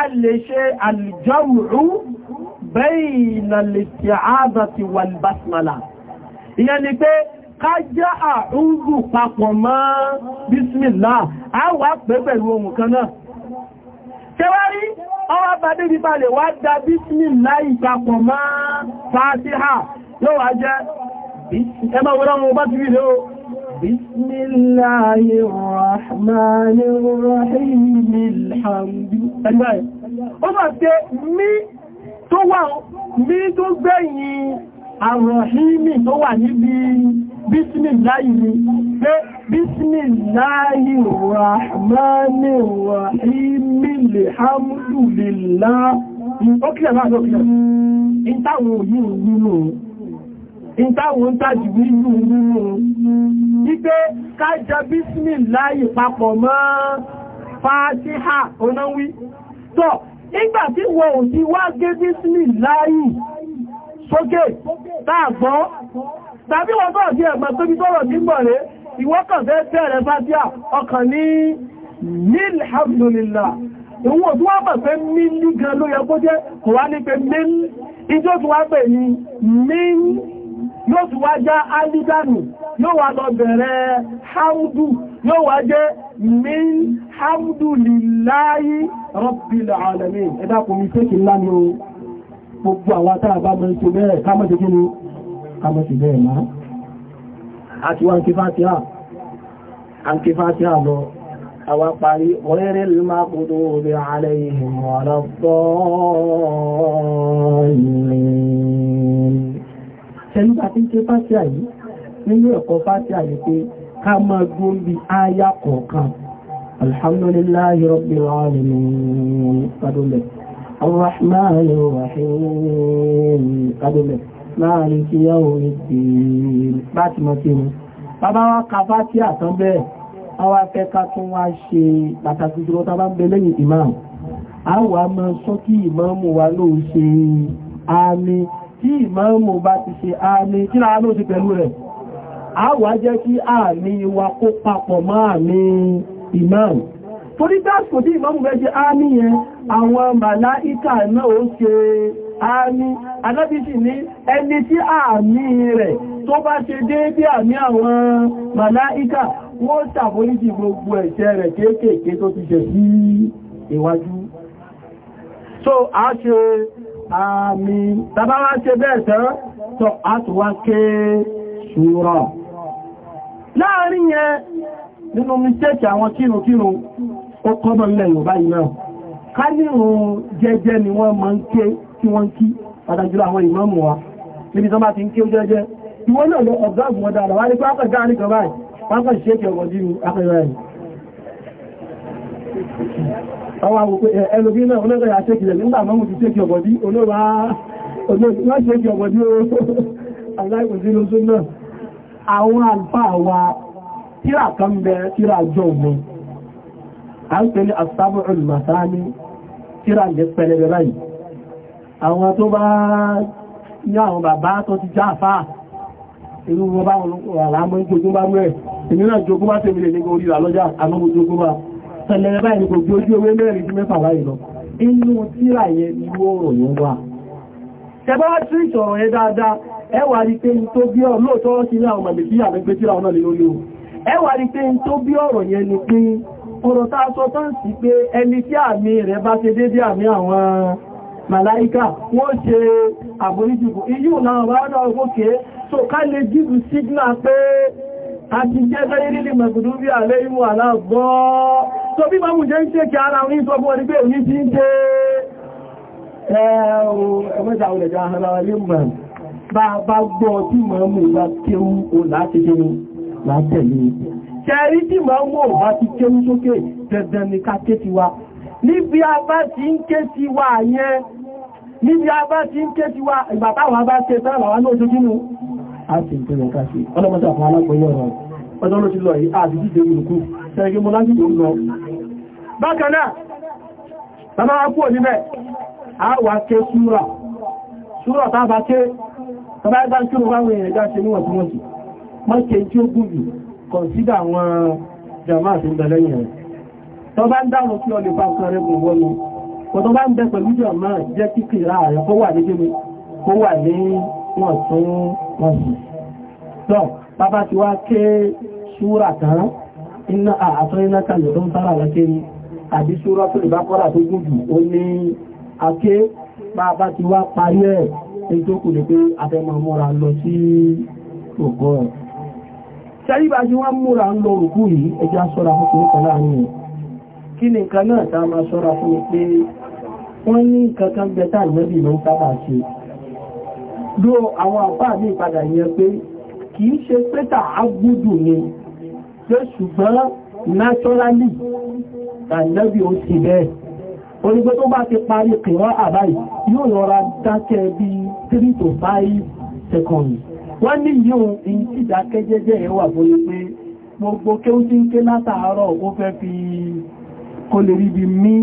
a lè ṣe àlìjọ́rù bẹ́yìnà lè ṣe àádọ́ ti wà ní papọ̀ mọ́ bísmìlá a wà pẹ̀lú ohun kan náà ọwá padé nípa lè wá dá bísmì láì ìtàpọ̀ máa fàtíhà yóò wá jẹ́ ẹmọ wọ́n mú bá ti rí lé o Bismillahir Rahmanir Rahim alhamdulillah. Ó bá ṣe mí tó wà mí tó gbẹ̀yìn àrọ̀hìmì tó wà níbi bísmìláì ni pé bísmìláì ràhmánì ràhìmì lè hàmùdù lè láà ìtókìlẹ̀ máa lókìlẹ̀ ìtàwọn òyí nínú ìtàwọn tàjìwí inú nínú wípé kájẹ bísmìláì papọ̀ mọ́ fàtíhà onáwí tọ́ nígbàtí wọ́n ò ti wá gé bísmìláì sókè táàgbọ́ tàbí wọ́n bọ́ sí ẹ̀gbẹ̀ tó bí tọ́rọ̀ tí gbọ̀ rẹ̀ ìwọ́kàn fẹ́ tẹ́rẹ fátíà ọkàn ní nílhàbdùlìlà ìwọ̀n tó wá bẹ̀ pé mílí gan ló yẹ kó jẹ́ kò wá ní pé mílí ijó tó wá pè ní mílí yóò tó wá já alídánù yóò wá lọ bẹ̀rẹ̀ hamdu yóò wá jẹ́ mílí hamdulillahi rabbil alamin ẹ̀dàkùnrin tẹ́kì lánàá gbogbo àwọn àtàbà mọ̀ ìṣẹ́ bẹ́ẹ̀ kámọ́sí kí ni kámọ́sí bẹ́ẹ̀ máa àti wá ń kí fásíà ń kí fásíà lọ àwọn parí ọ̀rẹ́rẹ́ lè máa kúrò orí alẹ́ ìhìn ọ̀rọ̀ fọ́ọ̀lẹ́ ṣẹ́lúgbà الرحمن الرحيم قبل مالك يوم الدين باتما تيمو bàbá wa ka fàtí àtàn bẹ́ẹ̀ àwọn afẹ́ká tún wá ṣe pàtàkì jùlọ tàbá ń bẹ lẹ́yìn imam a wà mọ́ sọ́kí ìmáàmù wa ló ṣe àmì tí ìmáàmù bá ti ṣe àmì kí náà ló ṣe pẹ̀lú rẹ̀ a wà jẹ́ kí àmì wa kó papọ̀ mọ́ àmì imam torí dáàsìkò tí ìmọ́mù bẹ́ jẹ́ ámì yẹn àwọn màláíkà náà ó ṣe ámì alábìsì ní ẹni tí àmì rẹ̀ tó bá ṣe déédé àmì àwọn màláíkà wọ́n ṣàforíjì gbogbo ẹ̀ṣẹ̀ rẹ̀ kéékèèké tó ti ṣẹ̀ sí ìwájú so a ṣe àmì tàbáwá ṣe bẹ́ẹ̀ tán tọ́ a tó wá ké ṣúrọ̀ láàrin yẹn nínú mistake àwọn kírùnkírùn ó kọ́mọ̀ ilẹ̀ Yorùbá yìí náà ká ní ìrùn jẹ́jẹ́ ni wọ́n máa ń ké tí wọ́n kí pàtàkì jùlọ àwọn ìmáàmù wa níbi tán bá ti ń ké jẹ́jẹ́ ìwọ́n náà lọ ọ̀gá àgùnmọ̀ dára wá ní pé wọ́n kàn gáà nìkan báyìí wọ́n kàn ṣe é kí ọkọ̀ dí ní apẹ̀rẹ̀ rẹ̀ àwọn àwọn ẹlòmí náà olóòrò ya ṣékìlẹ̀ nígbà mọ́mù ti ṣékì ọ̀gọ̀dí olóòrò wọ́n ṣékì ọ̀gọ̀dí aláìkùnsí lóṣù náà àwọn àlfà wa tíra kan bẹ tíra jọ mọ́ a ń pè ní asábùrùn masani tíra lè pẹlẹbẹ báyìí àwọn tó bá ní àwọn bàbá tó ti já àfáà inú wọn bá wọn àlámọ́ ìjogún bá mẹ́rẹ̀ èmi náà jogún bá tèmi lè ni wọ́ọ̀rọ̀ yẹn wà tẹbá tí ìṣọ̀rọ̀ yẹn dáadáa ẹwà rí pé tó bí ọ̀rọ̀ lóòtọ́ sí ní àwọn mọ̀lẹ̀kí àgbẹ̀gbẹ̀ tíra ọ̀nà lórí o ẹwà rí pé tó bí ọ̀rọ̀ yẹn ni pé ọ̀rọ̀ tá a sọ tán sí pé ẹni tí àmì rẹ̀ bá ṣe dédé àmì àwọn màláíkà wọ́n ṣe àbóríjìkò iyú náà wá náà òkè so ká lè jíru sígbà pé a ti jẹ́ sẹ́yẹ́ nílé mẹ̀kùdú bí alẹ́ ìwò aláàgbọ́ so bí tẹ́rí tí máa mọ̀ bá ti ké ní sókè dandan ní ká ké ti wa níbi a bá ti ń ké ti wa yẹn níbi a bá ti ń ké ti wa ìgbà táwọn bá ké tán àwọn náà ojojúmú a sì ń tẹ́rẹ ká sí ọlọ́mọdé àwọn alápọ̀yẹ́ ọ̀rọ̀ ọjọ́ ló ti lọ yìí àti jíde olùkú tẹ́rẹgé mọ́ láti lọ bákan náà bàbá wa kú òní bẹ́ẹ̀ a wà ké súrà súrà tá a bá ké bàbá ẹgbà kí ó wá wẹ̀yẹ̀ ẹ̀dá ṣe níwọ̀ntúnwọ̀ntún mọ́ ké tí ó gùn jù kọ̀nsídà àwọn jama àti ìbẹ̀lẹ́yìn rẹ̀ tó bá ń dáwọn kí ọ lè fa nǹkan rẹ̀ gùn wọnú kò tó bá ń bẹ pẹ̀lú jama jẹ́ kíkì ra rẹ̀ kó wà nígbé kó wà ní wọ́n tún wọ́n sì lọ bàbá ti wá ké súra tán iná àtọ́ iná kalẹ̀ tó ń sára lọ́kẹ́ ni àbí súra tó lè bá kọ́ra èyí tó kù pé afẹ́mọ̀ mọ́ra lọ sí ògọ́ ẹ̀ tàríbà tí wọ́n múra ń lọ rùkú yìí ẹjá sọ́ra fún kìí kan láàrin rẹ̀ kí ni nǹkan náà ta máa sọ́ra fún mi pé wọ́n ní nǹkan kan bẹ́tà ìmẹ́bì ló ń sábà ṣe ló àwọn àpá mi padà yẹn pé kìí ṣe pẹ́tà agbúdù ni pé ṣùgbọ́n naturally ìmẹ́bì ó sì bẹ́ẹ̀ onígbé tó bá ti parí kìrọ́ àbáyìí yóò lọ dákẹ́ bí 3 to 5 seconds wọ́n ní yíò in tí ìdákẹ́jẹ́jẹ́ ẹ̀ wà fún pé gbogbo kí ó ti ń ké látàárọ̀ ó fẹ́ fi kó lè rí bí mí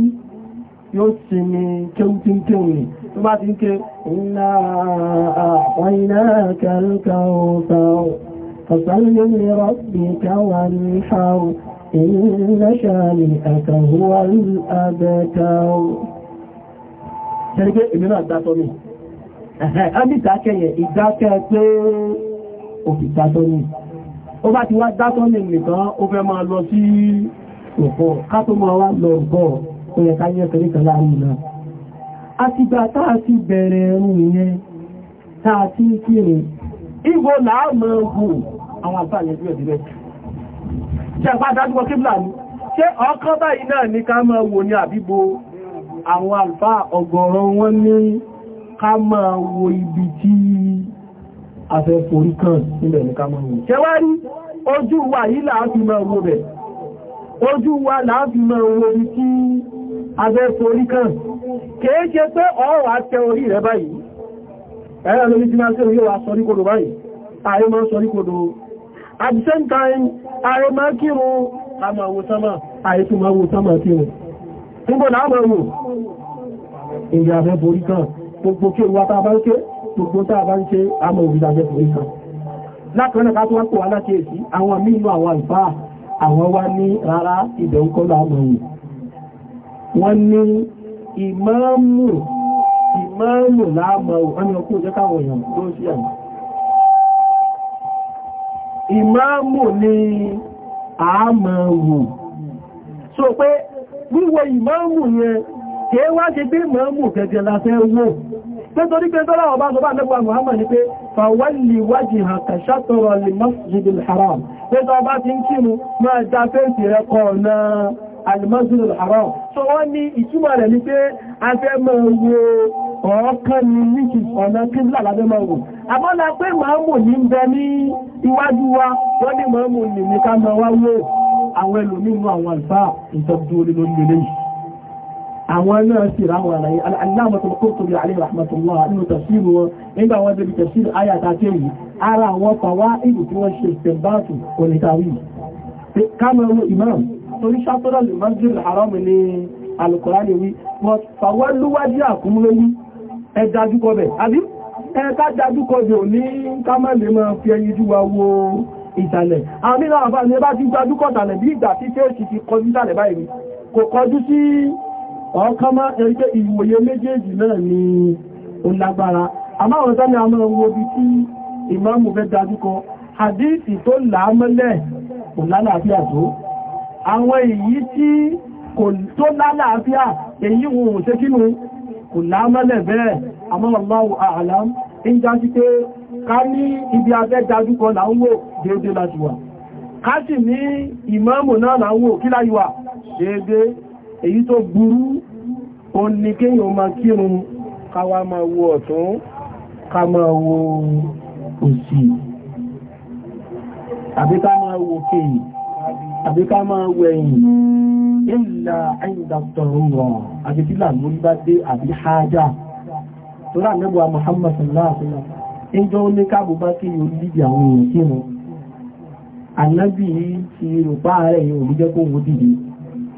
yóò ti ní kí ó ti ń ké òní tó bá ti ń ké iná Ẹ̀ẹ́dìdákẹ́yẹ ìdákẹ́ pé òfin dátọ́nì. Ó bá ti wá dátọ́nì nìkan ó fẹ́ máa lọ sí ọ̀pọ̀ ká tó máa wá lọ ọ̀pọ̀ ó yẹ ká yẹ́ kẹ́ríkẹ́ láàrin náà. A ti gbà táà ti bẹ̀rẹ̀ ẹ̀rùn yẹn táà ti làá mọ̀ hù àwọn àgbà yẹn bí ẹ̀dìrẹ́. Ṣé àgbà dájúkọ kíbla ni? Ṣé ọkọ́ báyìí náà ní ká máa wò ní àbíbo àwọn àlùfáà ọ̀gọ̀ọ̀rọ̀ wọn ní ká máa wo ibi tí a fẹ́ forí kan nílẹ̀ ní ká máa wo ṣẹwárí ojú wa yìí láàáfi máa wo bẹ̀ ojú wa láàáfi máa wo ibi tí a fẹ́ forí kan kìí ṣe pé ọ̀rọ̀ àtẹ orí rẹ̀ báyìí ẹ̀rọ lórí tí máa ṣe yóò wá sọrí kodò báyìí ààrẹ máa sọrí kodò at the same time ààrẹ máa kírun a máa wo sámà ààrẹ tó máa wo sámà kírun nígbọ̀n láàmà wò ìyàfẹ́ forí kan gbogbo kí owó tàbá ń ké gbogbo tàbá ń ṣe àmọ́ òbìdàjẹ́ fún ìkan látọ̀ọ́nà ká tó wá pọ̀ aláṣẹ́ẹ̀sí àwọn mínú àwọn ìbá àwọn wá ní rárá ìbẹ̀ ń kọ́lọ̀ àmọ́ òun wọ́n ní ìmáàmù ìmáàmù láàmọ̀ òun ọkú jẹ́ so pé wíwọ ìmáàmù yẹn kí é wá ṣe pé mọ́mù gẹ̀gẹ̀ láfẹ́ wò nítorí pé tọ́lá ọba sọ bá nípa Muhammad ni pé fàwọ́lì wájì hàkà ṣàtọ̀rọ̀ lè masjidil haram pé tọ́ bá ti ń kírù al-masjidil haram so wọ́n ní ìtumọ̀ rẹ̀ ni pé a fẹ́ máa wo ọ̀ọ́kán ni níkì ọ̀nà kíńlá lábẹ́ máa wò àbọ́lá pé mọ́mù ní ń bẹ ní iwájú wa wọ́n ní mọ́mù àwọn ẹlòmínú àwọn àlùfáà ìtọ́jú orí lórí àwọn náà sì ráwọn àlàyé aláàmọ̀tò Qurtubi alayhi rahmatullah nínú tafsir wọn nígbà wọ́n débi tafsir ayàtà tẹ́wì ara àwọn pàwá ìlú tí wọ́n ṣe ìsẹ̀mbáàtù onítàwí kámẹ́rù imam torí ṣàtọ́rọ̀ lè máa jẹ́ àrọ́mù ní alùkọ̀rání wí wọ́n fàwọ́ lúwájú àkúmúlóyí ẹ dájúkọ bẹ̀ àbí ẹ ká dájúkọ bẹ̀ òní kámẹ́ lè máa fi ẹyin ọ̀ọ́ká máa ẹgbẹ́ ìwòye méjèèjì náà ni ó lágbára àmáwọn tánà àmọ́ owó bí tí ìmáàmù fẹ́ dájúkọ hadithi tó láàmọ́lẹ̀ kò lálàáfíà tó àwọn èyí tí tó lálàáfíà èyí wọn ò sékínú a'lam ń já sí pé ká ní ibi afẹ́ dájúkọ láwọ́ déédé láti wà ká sì ní kí èyí tó burú o ní kéyàn máa kírun káwa máa wo ọ̀tún ká máa wo òsì àbí ká máa wo kéyì àbí ká máa wẹ̀yìn ìlà àìdàtọ̀rọ̀ rọ̀ àti tílà lórí bá dé àbí hájá tó rà mẹ́bọ̀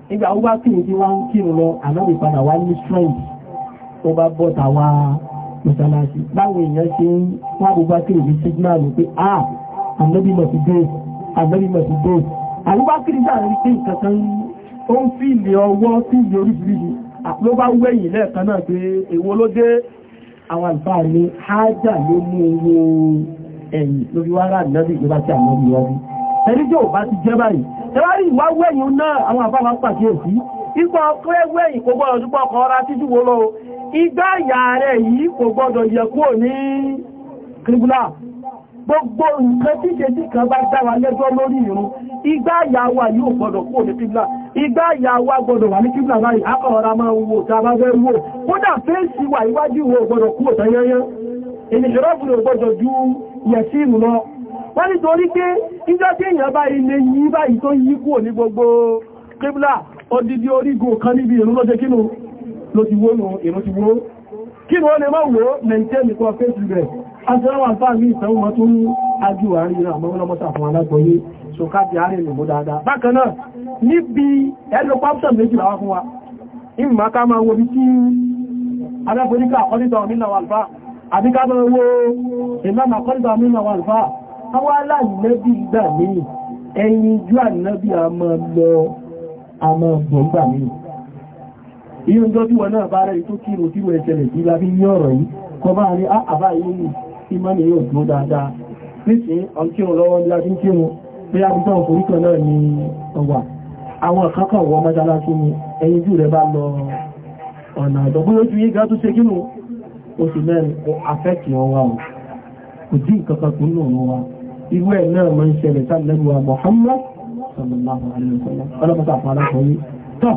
nígbà ó bá kìí tí wọ́n ń kírun lọ ànábì padà wá ní strength ó bá bọ́ tàwa mọ̀sálásí báwọn èèyàn ṣe ń wá búbá kìí bí signal pé ah ànábì mọ̀ sí dé ànábì mọ̀ sí dé àbúbá kìí náà rí pé nǹkan kan ó ń fi ilé ọwọ́ sí ìlú oríṣiríṣi ló bá wẹ̀yìn lẹ́ẹ̀kan náà pé èwo ló dé àwọn àlùfáà ní hájà ló mú owó ẹ̀yìn lórí wàrà ànábì ló bá ti ànábì wọ́n rí ẹni jẹ́ ò bá ti jẹ́ báyìí tẹ́wárí ìwá wẹ́yìn náà àwọn àbáwà pàkíyèsí ipò ọkọ̀ ẹwẹ́yìn kò gbọ́dọ̀ túnpọ̀ ọkọ̀ ọra títí wo lọ igbá ìyà rẹ̀ yìí kò gbọ́dọ̀ yẹ kúrò ní kíríbùlà gbogbo nǹkan tí ṣe tí kan bá dá wa lẹ́jọ́ lórí ìrun igbá ìyà wa yóò gbọ́dọ̀ kúrò ní kíríbùlà igbá ìyà wa gbọ́dọ̀ wà ní kíríbùlà báyìí akọ̀ọ̀ra máa ń wo tá a bá fẹ́ wo kódà fèsì wà iwájú wo gbọ́dọ̀ kúrò tán yányán ènìyàn rọ́bùnú gbọ́dọ̀ ju yẹ̀sí ìrùn lọ wọ́n ní torí pé ìjọ́ tí èèyàn bá ilé yí báyìí tó yí kúrò ní gbogbo kíblà odidi orígun kan níbi ìrún lọ́jẹ́ kínú ló ti wó nù ìrún ti wó kínú ó lè máa wó mẹ́ntẹ́nì kan fẹ́sì rẹ̀ aṣọ́wà fáàmì ìtẹ́wọ̀n wọn tó ń ajú àárín àwọn ọlọ́mọ́ta fún alágbọ́yé ṣòkájì àárín ìlú dáadáa bákan náà níbi ẹ̀lú pápítọ̀ méjì láwá fún wa ìmọ̀ ká máa wo bí mílọ̀ wà àbíká máa wo ìlànà kọ́lítọ̀ mílọ̀ wà àwọn aláàrínlẹ́bí ìgbà míì ẹ̀yìn ijú ànábì a máa lọ a máa bọ̀ ìgbà míì iye ń tọ́jú wọn náà bá rẹ̀ tó kírò tí wọ́n ẹ̀ṣẹ̀lẹ̀ sí lábí ní ọ̀rọ̀ yìí kọ bá rí ah, àbá yìí ìmọ́ ni yóò dúró dáadáa nísìn ọ̀nkírun lọ́wọ́ ní láti ń kírun bí a ni ọwà àwọn àkọ́kọ̀ wọ mọ́sálásí ni ẹ̀yìn jù rẹ̀ bá lọ ọ̀nà àdọ́gbọ́lójú yìí gá tó ṣe kírun irú ẹ̀ náà máa ń ṣẹlẹ̀ sálẹ́gbọ̀ Muhammad sallallahu alaihi wasallam ọlọ́pàá àpá alákọ̀ọ́yé tọ́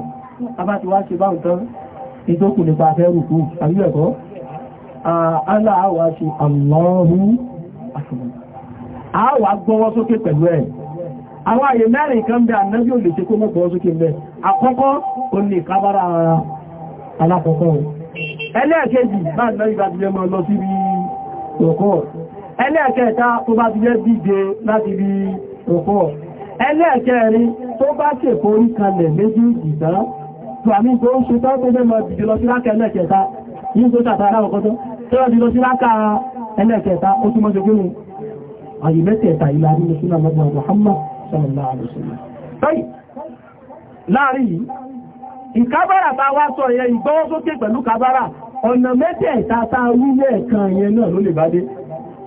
abá ti wá ṣe bá nǹkan ìtókù nípa afẹ́ rùkú àbíbẹ̀ kọ́ aláàwá ṣe Allahu akbar àwà gbọ́wọ́ sókè pẹ̀lú ẹ̀ àwọn àyè mẹ́rin kan bẹ ànábí olè ṣe kó mọ́ gbọ́wọ́ sókè mẹ́ àkọ́kọ́ o ní kábára alákọ̀ọ́kọ́ ẹlẹ́ẹ̀kejì bá ànábí bá ti lẹ́mọ́ lọ sí rí ọkọ̀ ẹlẹ́ẹ̀kẹta tó bá ti jẹ́ díje láti rí òkọ́ ẹlẹ́ẹ̀kẹrin tó bá ṣe forí kalẹ̀ méjì ìgbà tó àmì tó ń ṣetán tó bẹ́ mọ́ dìde lọ sí láka ẹlẹ́ẹ̀kẹta yí tó tàtà ara ọkọ́tọ́ tó lọ Muhammad sallallahu alaihi wasallam láàrin yìí ìkábára bá wá sọ ìyẹn ìgbọ́wọ́sókè pẹ̀lú kábára ọ̀nà mẹ́tẹ̀ẹ̀ta tá wílẹ̀ kan yẹn náà ló lè bá dé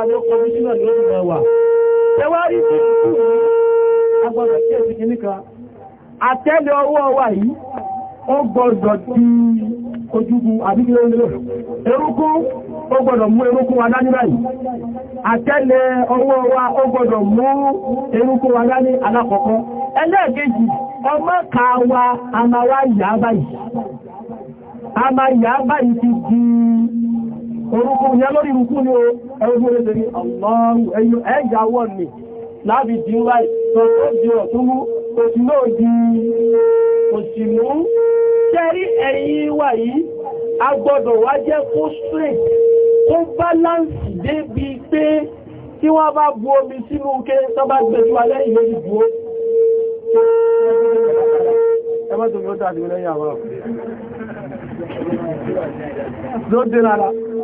lábẹ́ kọmíṣínà ló ń wà àtẹ́lẹ̀ ọwọ́ wà yìí ó gbọ́dọ̀ ojúgun ó gbọ́dọ̀ mú wa dání báyìí àtẹ́lẹ̀ ọwọ́ ó gbọ́dọ̀ mú wa dání alákọ̀ọ́kọ́ ọmọ orúkú yẹn lórí rúkú ní o ẹgbẹ́ olóṣèlú ní Allahu ẹyọ ẹ̀yà wọ́n ni láàbí di ń láì tó ó di ọ̀tún mú òsì náà di òsì mú tẹ́rí ẹ̀yìn wà yìí a gbọ́dọ̀ wá jẹ́ kó straight kó balance débi pé tí wọ́n bá bu omi sínú ké tó bá gbẹ̀jú alẹ́ ìlú ìbú ó ẹgbẹ́ tó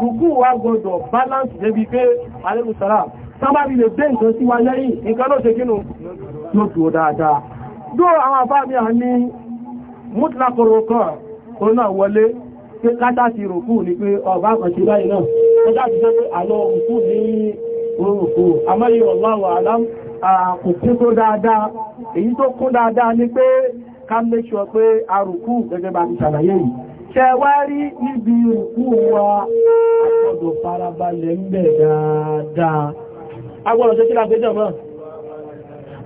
rùkú wa gbọdọ̀ balance débi pé alẹ́mùsára sábàbí lè gbé nǹkan sí wa lẹ́yìn nǹkan ló ṣe kínú ló tó dáadáa dó àwọn àfáàbí à ní mútìlákọrọ kan náà wọlé pé kátà ti rùkú ni pé ọba kan báyìí náà kátà ti jẹ́ pé àlọ rùkú ní orùkú alam ni pe tẹwárí níbi òkú wa agbọ́dọ̀ farabalẹ̀ ń bẹ̀ dáadáa agbọ́dọ̀ ṣe kí la péjọ mọ́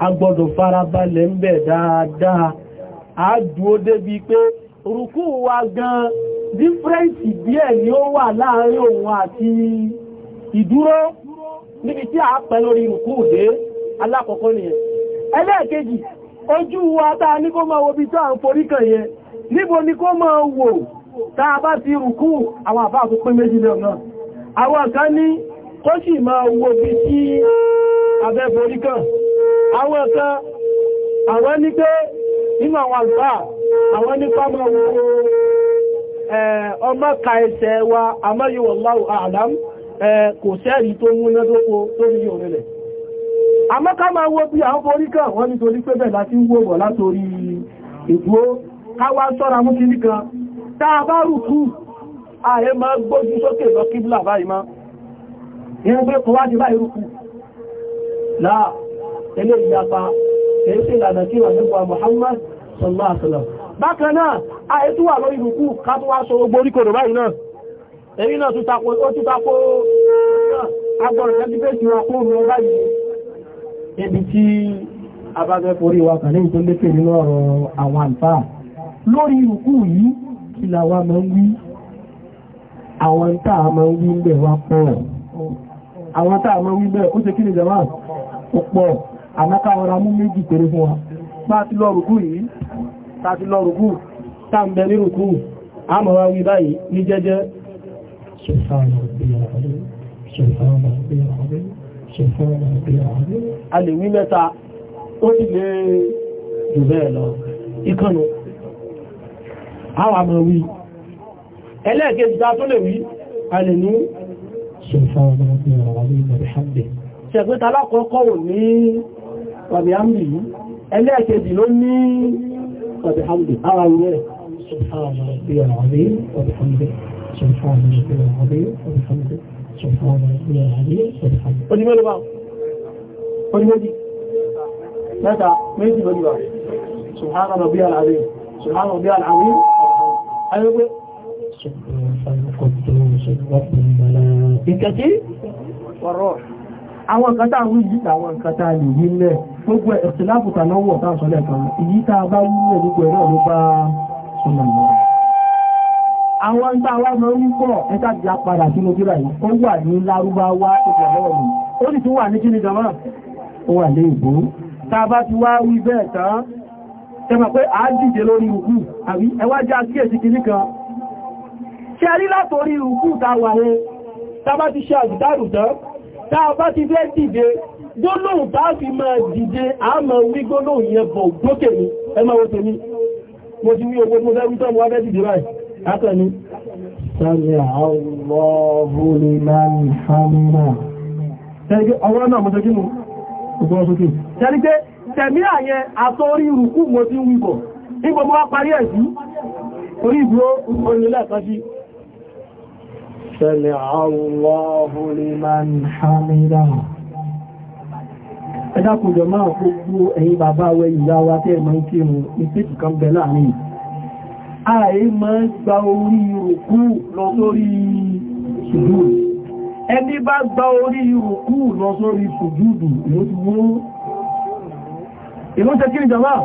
agbọ́dọ̀ farabalẹ̀ ń bẹ̀ dáadáa débi pé wa gan dífẹ́ǹsì díẹ̀ ni ó wà láàárín òun àti ìdúró níbi tí a pẹ̀ lórí ìrùkú dé alákọ̀ọ́kọ́ nìyẹn ẹlẹ́ẹ̀kejì ojú wa táa ní kó máa wo bí tó à ń forí níbo ni kó máa wò táa bá ti rùkú àwọn àbá àkókò méjì lọ́nà àwọn kan ní kó sì máa wò bí sí abẹ́ borí àwọn kan àwọn ní pé nínú àwọn àgbà àwọn ní wò ọmọ ka ẹsẹ̀ wa amáyíwọ̀ àdám kò sẹ́rì tó múná lóko káwá sọ́ra mú kí nìkan táa bá rùkú ààrẹ ma gbójú sókè lọ kíbùlà báyìí má irun pé kò wá di báyìí rùkú láà ilé ìyapa èyí sí ìlànà kí wà nígbà Muhammad sallallahu alaihi wasallam bákan náà ààrẹ tó wà lórí rùkú ká tó wá sọ gbogbo orí kòrò báyìí náà èyí náà tún tako ó tún tako agbọ̀rọ̀ ẹgbẹ́sì wọn kó mú báyìí lórí ìrùkú yìí kí làwa máa ń wí àwọn táà máa ń wí ń bẹ̀ wá pọ̀ àwọn táà máa ń wí bẹ̀ ó ṣe kí ni jama ó pọ̀ àmákàwọra mú méjì péré fún wa bá ti lọ rùkú yìí tá ti lọ rùkú tá ń bẹ ní rùkú a máa wá wí báyìí ní jẹ́jẹ́ a lè wí mẹ́ta ó sì lè jù bẹ́ẹ̀ lọ ìkànnù àwọn àmọ̀ wí ẹlẹ́ẹ̀kejì ta tó lè wí a lè ní ṣẹ̀gbẹ́ta alákọ̀ọ́kọ́ wò ní ọ̀bí àmì yìí ẹlẹ́ẹ̀kejì ló ní ọ̀bí àmì ara rẹ̀ سبحان ربي العظيم وبحمده سبحان ربي العظيم وبحمده سبحان ربي العظيم وبحمده قولي مالي بقى قولي مالي ماذا ماذا قولي بقى سبحان ربي العظيم سبحان ربي العظيم ayọ́gbé ìkẹtí ọ̀rọ̀ àwọn nǹkan tá àwọn ìjìta àwọn nǹkan tá lè yí lẹ̀ gbogbo ẹ̀sìláàpùtà lọ́wọ́ ọ̀tá sọ́lẹ̀ kan ìyí tá bá yí lẹ̀ gbogbo ẹ̀rọ ló bá sọ́lẹ̀ mọ́ àwọn ń tàwà mọ́ ń pọ̀ ẹta ti apadà sínú jíra yìí ó wà ní lárúbáwá ìgbẹ̀lọ́wọ̀ mi ó sì tún wà ní kíni jọmọ́ ó wà ní ìbò tá a bá ti wá wí bẹ́ẹ̀ tẹ́mọ̀ pé a dìde lórí ìhù àbí ẹwájá kíèsì kìí kan ṣe rí látorí ìhù tàwà rẹ tàbá ti ṣe àdìdárùtọ́ tàbá ti fẹ́ dìde gbólóhùn tàà fi máa dìde àmà wí wí owó Sami Allahu liman hamida. ọwọ́ náà mo tẹ́kí ọgbọ́n sókè. Ṣẹ́rí tẹ̀mí àyẹ àtọrí ìrùkú mo ti ń wíbọ̀ nígbà mọ́ parí ẹ̀sí orí ìdúró orílẹ̀ kan sí Sami'a Allahu liman hamidahu ẹ̀dàkùn jọ máa gbogbo ẹ̀yin bàbá wẹ ìyá wa tẹ́ ẹ̀mọ́ kí mú ìpèsì kan bẹ láàrin ààyè máa gba orí ìrùkú lọ sórí sùjúdù ẹni bá gba orí ìrùkú lọ sórí sùjúdù ló ti wó ìrún tẹ́ kiri jọmọ́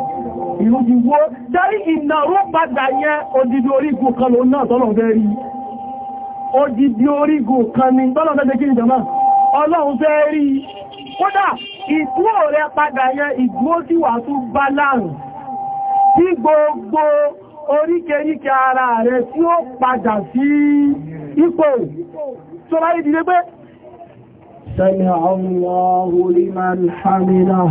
ìrún ti wó padà yẹ odidi orígun kan ló náà tọ́lọ̀ fẹ́ rí odidi orígun kan ni tọ́lọ̀ fẹ́ kiri jọmọ́ ọlọ́run fẹ́ rí kódà ìdúró rẹ padà yẹ ìdúró tí wà tún bá láàrùn tí gbogbo oríkèríkè ara rẹ tí ó padà sí ipò tó ráyé dìde pé Sami'a Allahu liman hamidah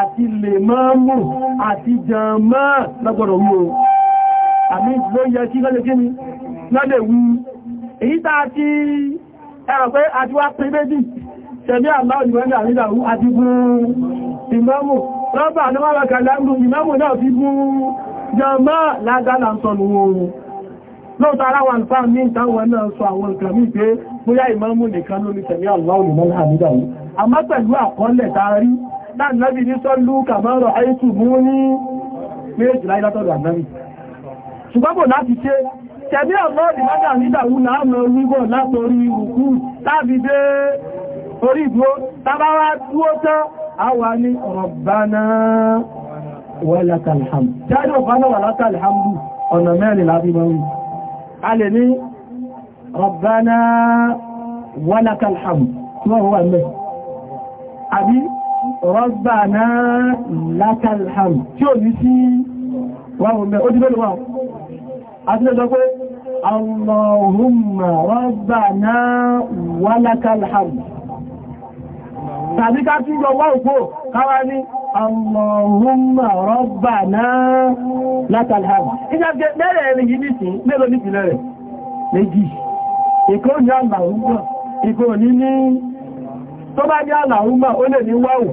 àti lèmọ́mù àti jàmọ́ lọ́gbọ̀dọ̀ wí o àmì ló yẹ kí lọ́lẹ̀ kí ni lọ́lẹ̀ wí èyí tàà ti ẹ̀rọ pé àti wá pé méjì tẹ̀lé àmà òyìnbẹ̀rẹ̀ àrídàwú àti fún ìmọ́mù rọ́bà alẹ́mọ́bàkà láàrù ìmọ́mù náà fi fún jàmọ́ lágbàlá ń sọnù oòrùn lóòtọ́ ara wà nípa ní ìtàwọn náà sọ àwọn nǹkan mí pé bóyá ìmọ́mù nìkan ló ní tẹ̀lé àmà òyìnbẹ̀rẹ̀ àrídàwú àmọ́ pẹ̀lú àkọọ́lẹ̀ tààrí láàrín ní sọ́lú kàmọ́rọ̀ àìkù mú ní méjì láì látọ̀dọ̀ àmì ṣùgbọ́n bò láti ṣe tẹ̀bí ọ̀lọ́dì látà nídàwú láàmọ̀ wíwọ̀ látorí ìrùkú láti dé orí ìdúró tàbáwá dúó tán àwà ní Rabbana walakal hamd ọ̀nà mẹ́rin láti mọ́rin a lè ní Rabbana walakal hamd tí wọ́n wọ́n mẹ́ àbí rọ́gbàná látàlhàm tí ò ní sí wáhùn mẹ́ ojú mẹ́lú wáhùn àti lọ́jọ́ pé Allahumma rọ́gbàná wálátàlhàm tàbí ká tí yọ wáhùn pò káwà ní Allahumma rọ́gbàná látàlhàm ìjàgbẹ̀ mẹ́rẹ̀ ẹ̀rin yìí nìsín mẹ́lò ní ìpìlẹ̀ rẹ̀ méjì ìkó ní àlàúgbà ìkó ní ní tó bá jẹ́ àlàúgbà ó lè ní wáhùn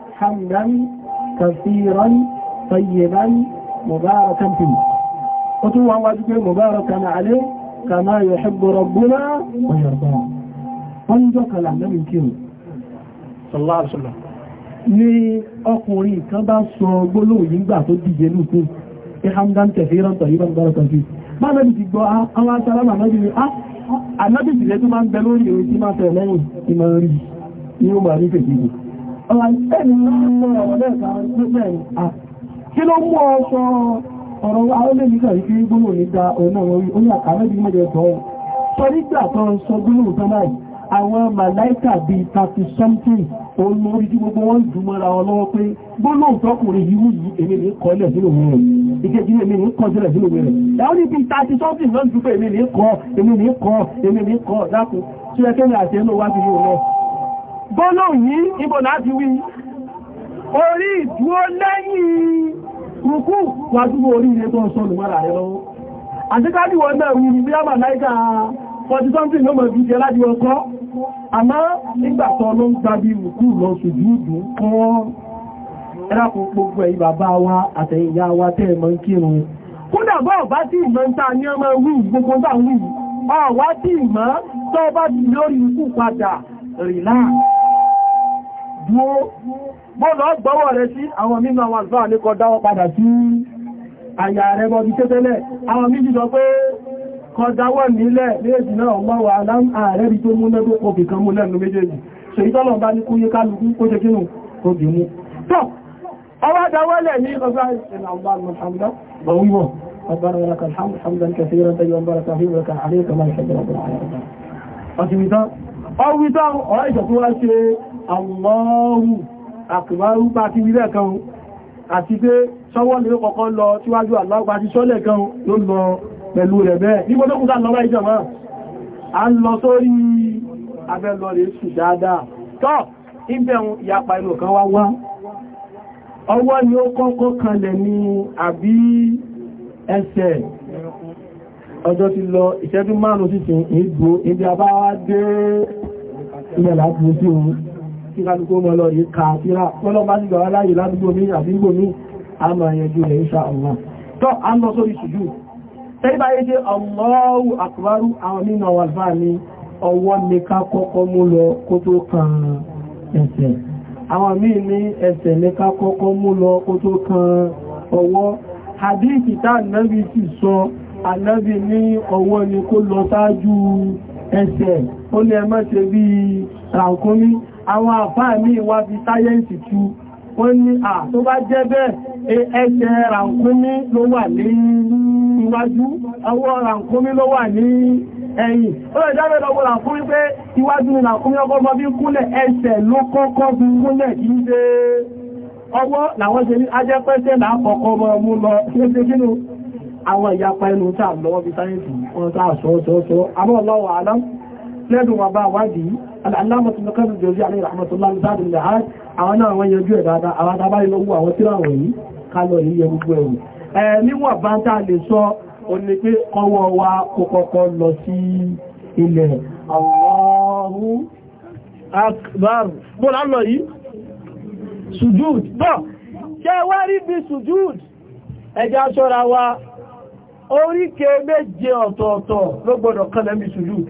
حمدا كثيرا طيبا مباركا فيه وتوى واجب مباركا عليه كما يحب ربنا ويرضى فانجك لعلم كيرو صلى الله عليه وسلم ni ọkùnrin kan bá sọ gbólóhùn yìí gbà tó dìje lùkú ìhàmdán kẹfìran tọ̀yíban bọ́rọ̀kan sí bá lẹ́bí ti gbọ́ àwọn asárámà náà bí i anábìsì rẹ̀ máa ń bẹ lórí ìrìn tí máa fẹ̀ lẹ́yìn ìmọ̀ rí ní ó máa rí fèsì Kí ló mú ọṣọ ọ̀rọ̀ arọ́lẹ́nìkà ìfẹ́ gbónú ní da ọ̀nà orí àkàrẹ́bí mẹ́jẹ̀ tọ́ ọ̀. Sọ nígbà tọ́ sọ gbónú tọ́láì, àwọn màláìkà bí tàbí something olórí tí gbogbo wọ́n jù mọ́ra wọn lọ́wọ́ pé gbónú tọ́kùnrin yìí yìí èmi ní kọlẹ̀ sínú mìíràn ìkejì èmi ní kọ sílẹ̀ sínú mìíràn dáwọn níbi tàbí something lọ́n jù pé èmi ní kọ èmi ní kọ èmi ní kọ dákùn tí ẹkẹ́ gbọ́nà yìí ibò láti wí orí ìdúró lẹ́yìn rùkú wájúwò orí ilé tó sọ lùmọ́ra rẹ̀ lọ́wọ́ àtíkájú wọ́n náà wù ní bí a bà láìka 40-something ló mọ̀ bí jẹ láti ọkọ́ àmá nígbàtọ̀ ló ń gbábí rùkú lọ sùjúdù kan ẹ̀rákùn gbogbo ẹ̀yí bàbá wa àtẹ̀yìnyá wa dúó bọ́ọ̀lọ́ gbọ́wọ́ rẹ̀ sí àwọn mímọ̀ àwọn àlùfáà ní kọ dáwọ́ padà sí àyà rẹ̀ bọ́bí tẹ́tẹ́lẹ̀ àwọn mímí sọ pé kọ dáwọ́ nílẹ̀ léèsì náà mọ́wàá ààrẹ rí tó múlẹ́ tó kọfì kan múlẹ̀ nù méjèèjì ṣe ìtọ́lọ̀ bá ní kúyé kálukú kó ṣe kínú kóbi mú tọ́ ọwá dáwọ́lẹ̀ ní ọgbà ìṣẹ̀lẹ̀ ọgbà mọ̀hàmdá bọ̀wọ̀ ọgbàrà wọn kàlhàmù hàmdán kẹfẹ́rẹ́ tẹ́yọ ọgbàrà tàfíwọ̀ kàlhàmù kàlhàmù kàlhàmù kàlhàmù kàlhàmù kàlhàmù kàlhàmù kàlhàmù kàlhàmù kàlhàmù kàlhàmù kàlhàmù kàlhàmù kàlhàmù kàlhàmù kàlhàmù kàlhàmù kàlhàmù Allahu akbaru bá ti wílẹ̀ kan àti pé sọ́wọ́ lè kọ́kọ́ lọ tíwájú Allahu bá ti sọ́lẹ̀ kan ló lọ pẹ̀lú rẹ̀ bẹ́ẹ̀ nígbó tó kúta lọ́wọ́ ìjọmọ́ a ń lọ sórí abẹ́lọ́rẹ̀ sù dáadáa tọ́ ìbẹ̀rún ìyapa inú kan wá wá ọwọ́ ni ó kọ́kọ́ kanlẹ̀ ní Abi, ẹsẹ̀ ọjọ́ ti lọ ìṣẹ́jú márùn-ún sí ti ìgbò ibi àbáwá dé ilẹ̀ láti sí ohun kí kálukú mọ́ lọ rí ka síra pọ́lọ́ bá sígbà aláyè ládúgbò mi àdúgbò mi a máa yanjú rẹ̀ insha Allah tọ́ a lọ sórí ṣùjú tẹ́lifà yé ṣe Allahu akbaru àwọn nínú àwọn àlùfáà ni ọwọ́ ni ká kọ́kọ́ mú lọ kó tó kan ẹsẹ̀ àwọn míì ní ẹsẹ̀ ni ká kọ́kọ́ mú lọ kó tó kan ọwọ́ àwọn àfáà ní ìwà fi sáyẹ́ǹsì tú wọ́n ní à tó bá jẹ́ bẹ́ẹ̀ e, ẹsẹ̀ ràǹkúnmí ló wà ní iwájú ọwọ́ ràǹkúnmí ló wà ní ẹ̀yìn ó lè jábẹ̀ lọ́wọ́ ràǹkúnmí pé iwájú ni ràǹkúnmí ọkọ̀ bí kúnlẹ̀ ẹsẹ̀ ló kọ́kọ́ bí kúnlẹ̀ ọwọ́ làwọn ṣe ní lọ aláàmọ̀ tó lọ́kọ́ ìjọsí àlẹ́ ìràmọ̀tọ́lá ìdáàdì ilẹ̀ hajj àwọn náà wọ́n yanjú ẹ̀ dáadáa àwọn tàbárí lọ́wọ́ àwọn tíra wọ̀nyí kálọ̀ yìí yẹ gbogbo ẹ̀wù níwọ̀n bá ń tà lè sọ òní kọwọ́ wa kó lọ sí ilẹ̀ Allahu akbar bọ́lá lọ yìí sujúd bọ́ ṣe wá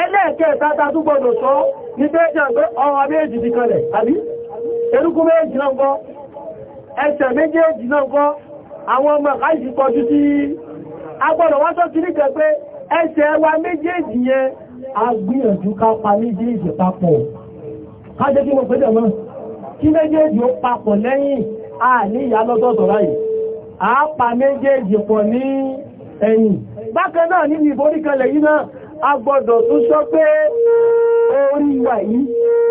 ẹlẹ́ẹ̀kẹta ta tó gbọdọ̀ sọ ní tẹ́ẹ̀ṣẹ̀ pé ọwọ́ méjì ti kanlẹ̀ àbí erúkú méjì náà kọ́ ẹsẹ̀ méjèèjì náà kọ́ àwọn ọmọ àìsí kọjú sí agbọ́dọ̀ wá sọ́kí ní kẹ́ pé ẹsẹ̀ wa méjèèjì yẹn agbìyànjú ká pa méjèèjì papọ̀ kájẹ́ kí mo pẹ́ dẹ̀ náà kí méjèèjì ó papọ̀ lẹ́yìn a ní ìyá lọ́dọ̀dọ̀ ráyìí a pa méjèèjì pọ̀ ní ẹ̀yìn bákan náà nínú ìborí kanlẹ̀ yìí náà a gbọ́dọ̀ tún sọ pé orí wa yìí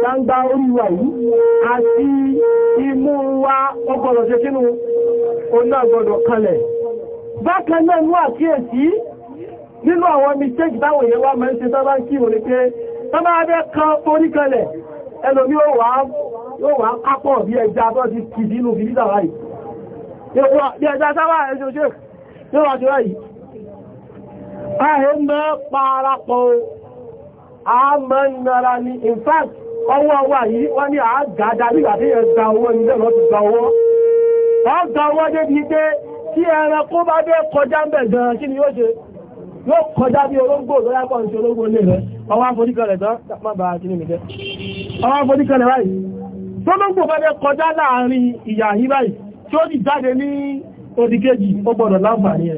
gbangba orí wa yìí àti imú wa ọgbọ̀dọ̀ ṣe kínú oná gbọ́dọ̀ kalẹ̀ bákan náà ní àkíyèsí nínú àwọn mistake báwọn èèyàn wá mẹ́rin ṣe tọ́bá ń kí ìwò ní pé tọ́bá abẹ́ kan orí kalẹ̀ ẹlòmí yóò wá kápọ̀ bí ẹja tó ti kìdínú bí ahìmọ́ parapọ̀ àmọ́ nara ni in fact ọwọ́ wà yìí wọ́n ní àágádá nígbà tí yẹn gba owó ní lẹ́nà ti gba owó wọ́n gba owó pé ẹranko bá dé kọjá ń bẹ̀ gan kí ni yóò ṣe yóò kọjá bí orógbò lọ́yá pọ̀ ní orógbò lè rẹ̀ ọwọ́ kọjá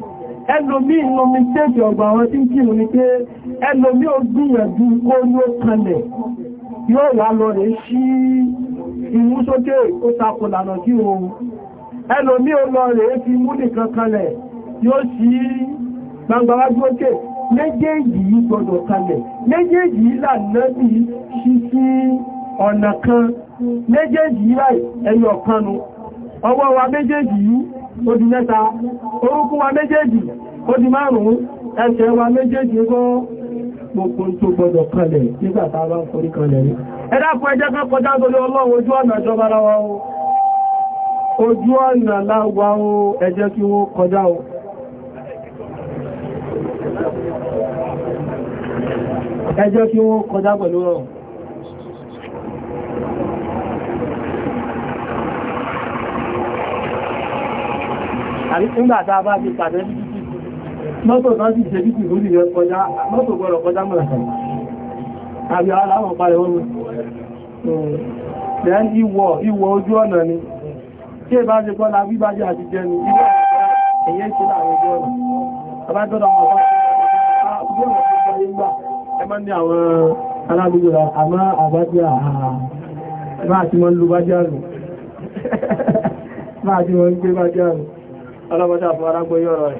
ẹlòmí inú mi tẹ́jì ọgbà àwọn tí ń kí ní pé ẹlòmí ó gbìyànjú kó ní ó kanlẹ̀ yóò wà lọ rẹ̀ sí ìmú sókè ó tako lànà kí ohun ẹlòmí ó lọ rẹ̀ fi mú nìkan kanlẹ̀ yóò sí gbangbawájú òkè méjèèjì yìí gbọdọ̀ kanlẹ̀ méjèèjì yìí lànà bí sí sí ọ̀nà kan méjèèjì yìí láì ẹyọ kanu ọwọ́ wa méjèèjì yìí ó mẹ́ta orúkún wa méjèèjì ó di márùn-ún ẹsẹ̀ wa méjèèjì gọ́ gbogbo tó gbọdọ̀ kalẹ̀ nígbàtà bá ń forí kalẹ̀ rí ẹ̀dàkùn ẹjẹ́ kọjá torí ọlọ́run ojú ọ̀nà láwá o ẹjẹ́ kí wọ́n kọjá o bá ti pàdé mọ́tò bá sì ṣẹ́jú kìí lórí rẹ̀ kọjá mọ́tò gbọ́rọ̀ kọjá mọ́làkàrí àbí aláwọ̀ parẹ̀ wọn then ìwọ̀ ìwọ̀ ojú ọ̀nà ni tí è bá ṣe kọ́lá bíbájẹ́ àti jẹ́ ni ìwọ̀ ẹ̀yẹ́ ṣe láàrin ojú ọ̀nà àbájọ́dọ̀ àwọn ọ̀pá ẹmọ́ ní àwọn alábúgbò rẹ̀ àmá àbájá máa ti wọ́n lú bájá rù máa (laughs) ti wọ́n gbé bájá rù rẹ̀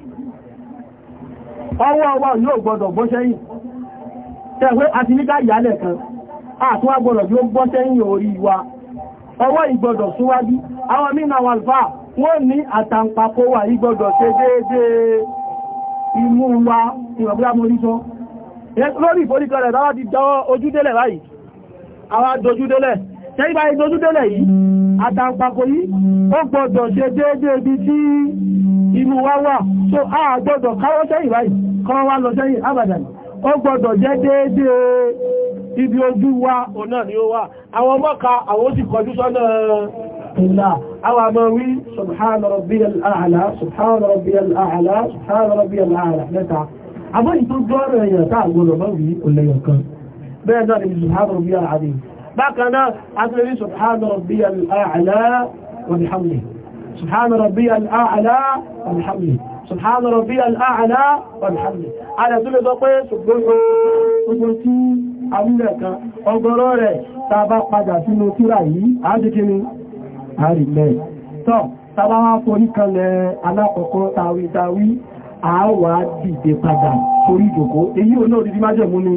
ọwọ́ wa yóò gbọdọ̀ bọ́ sẹ́yìn tẹ́wẹ́ àti níká ìyálẹ̀ kan àtúwà gbọdọ̀ bí ó bọ́ sẹ́yìn orí wa ọwọ́ ìgbọdọ̀ súwájú àwọn mínà wà lùfà wọ́n ní àtàǹpàkò wà ìgbọdọ̀ ṣe déédéé imú wa ìwọ̀bí amórísọ́ lórí ìforíkọrẹ̀ láwá ti dáwọ́ ojúdélẹ̀ báyìí àwa dojúdélẹ̀ tẹ́ríbá ìdójú délẹ̀ yìí àtàǹpàkò yìí ó gbọ́dọ̀ ṣe déédéé bí tí inú wa wà so a gbọ́dọ̀ káwọ́ sẹ́yìn báyìí kọ́wọ́ wá lọ sẹ́yìn abàdàn ó gbọ́dọ̀ jẹ́ déédéé ibi ojú wa ọ̀nà ni ó wà àwọn mọ́ka àwọn ó sì kọjú sọ́nà ìlà àwọn àmọ́ wí subhana rabbiyal a'la subhana rabbiyal a'la subhana rabbiyal a'la mẹ́ta àmọ́ ìtọ́jú ọ̀rọ̀ èèyàn tá àgbọ̀dọ̀ mọ́ wí òlẹ̀yọ̀ kan bẹ́ẹ̀ náà ni subhana rabbiyal a'la bákanáà asìlẹ̀rí subhana rabbiyal a'la wa bihamdihi subhana rabbiyal a'la wa bihamdihi subhana rabbiyal a'la wa bihamdihi alẹ́sílẹ̀ sọ pé ṣùgbọ́n tàbá wá forí kanlẹ̀ alákọ̀ọ́kọ́ tàwí tàwí àáwà dìde padà torí ìjòkó èyí olóòdìdí májẹ̀mú ni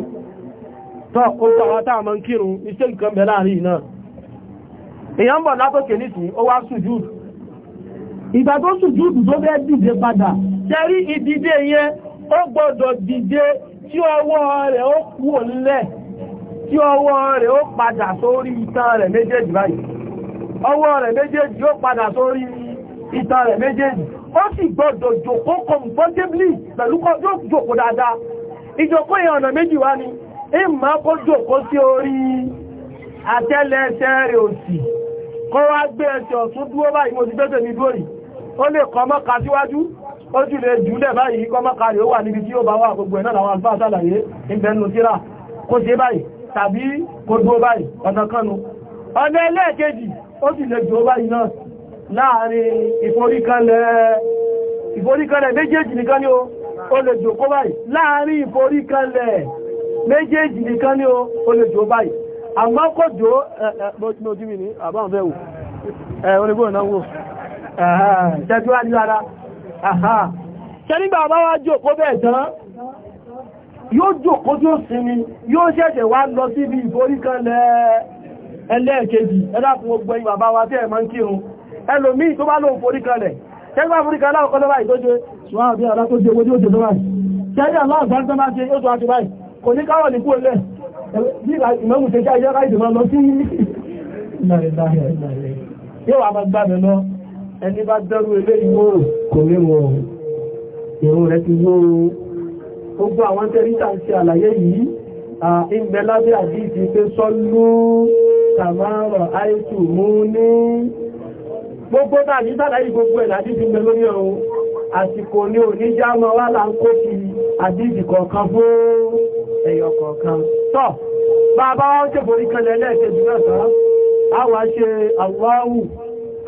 tọ́ oúnjẹ àwọn táàmà iṣẹ́ ìgbà tó sùjúdù tó bẹ́ dìde padà ìdìde yẹn ó gbọ́dọ̀ dìde tí ọwọ́ rẹ̀ ó kúò tí ọwọ́ rẹ̀ ó padà sórí itan rẹ̀ méjèèjì báyìí ọwọ́ rẹ̀ méjèèjì ó padà sórí itan rẹ̀ méjèèjì ó sì gbọ́dọ̀ jòkó comfortably pẹ̀lú dáadáa ìmọ̀ kó jòkó sí orí àtẹ́lẹsẹ̀ rẹ̀ òsì kó wá gbé ẹsẹ̀ ọ̀tún dúró báyìí mo ti gbẹ́sẹ̀ ní dúró yìí ó lè kọ mọ́ka síwájú ó jù lè jùlẹ̀ báyìí kọ mọ́ka rẹ̀ ó wà níbi tí ó bá wà gbogbo ẹ̀nà àwọn alfáà sàlàyé ìbẹ̀nu síra kó ṣe báyìí tàbí kó méjèèjì nìkan ní o lè jò báyìí àmọ́ kò jò lójú mi ní àbáwọn fẹ́ wò ẹ̀ onígbò náà wò tẹ́jú wá nílára ṣe nígbà bá wá jòkó bẹ́ẹ̀ tán yóò jòkó tí ó sinmi yóò ṣẹ̀ṣẹ̀ wá lọ síbi ìforí kan ẹlẹ́ẹ̀kejì ẹ̀dàkùn ogbẹ̀ ìwà bá wá tẹ́ ẹ̀ máa ń kírun ẹlòmíì tó bá lóun forí tẹ́gbà forí kan láwọn ṣùgbọ́n àbí àlá tó jẹ́ owó tí tó báyìí kò ní káwọ̀ ní kúrò lẹ̀ bí ìmọ̀mù ṣe jẹ́ ìjọba ìdìbò lọ sí yóò wà máa gbàmì lọ ẹni bá dẹ́rù ilé ìwòrò kò rí wọn ìrùn rẹ̀ ti yóò gbogbo àwọn tẹ́ríta ń ṣe àlàyé yìí ìgbẹ́ lábẹ́ àdíjì pé sọ́lú tàmárọ̀ àìsù mú ní gbogbo tàbí sàlàyé gbogbo ẹ̀ lájíjì mẹ́ lórí ọ̀run àsìkò ní oníjámọ́ wà láńkó ti àdíjì kọ̀ọ̀kan fún ẹyọ kọ̀ọ̀kan tọ́ bá bá wá ṣe borí kan lẹ́lẹ́ẹ̀kejì náà tán a wá ṣe Allahu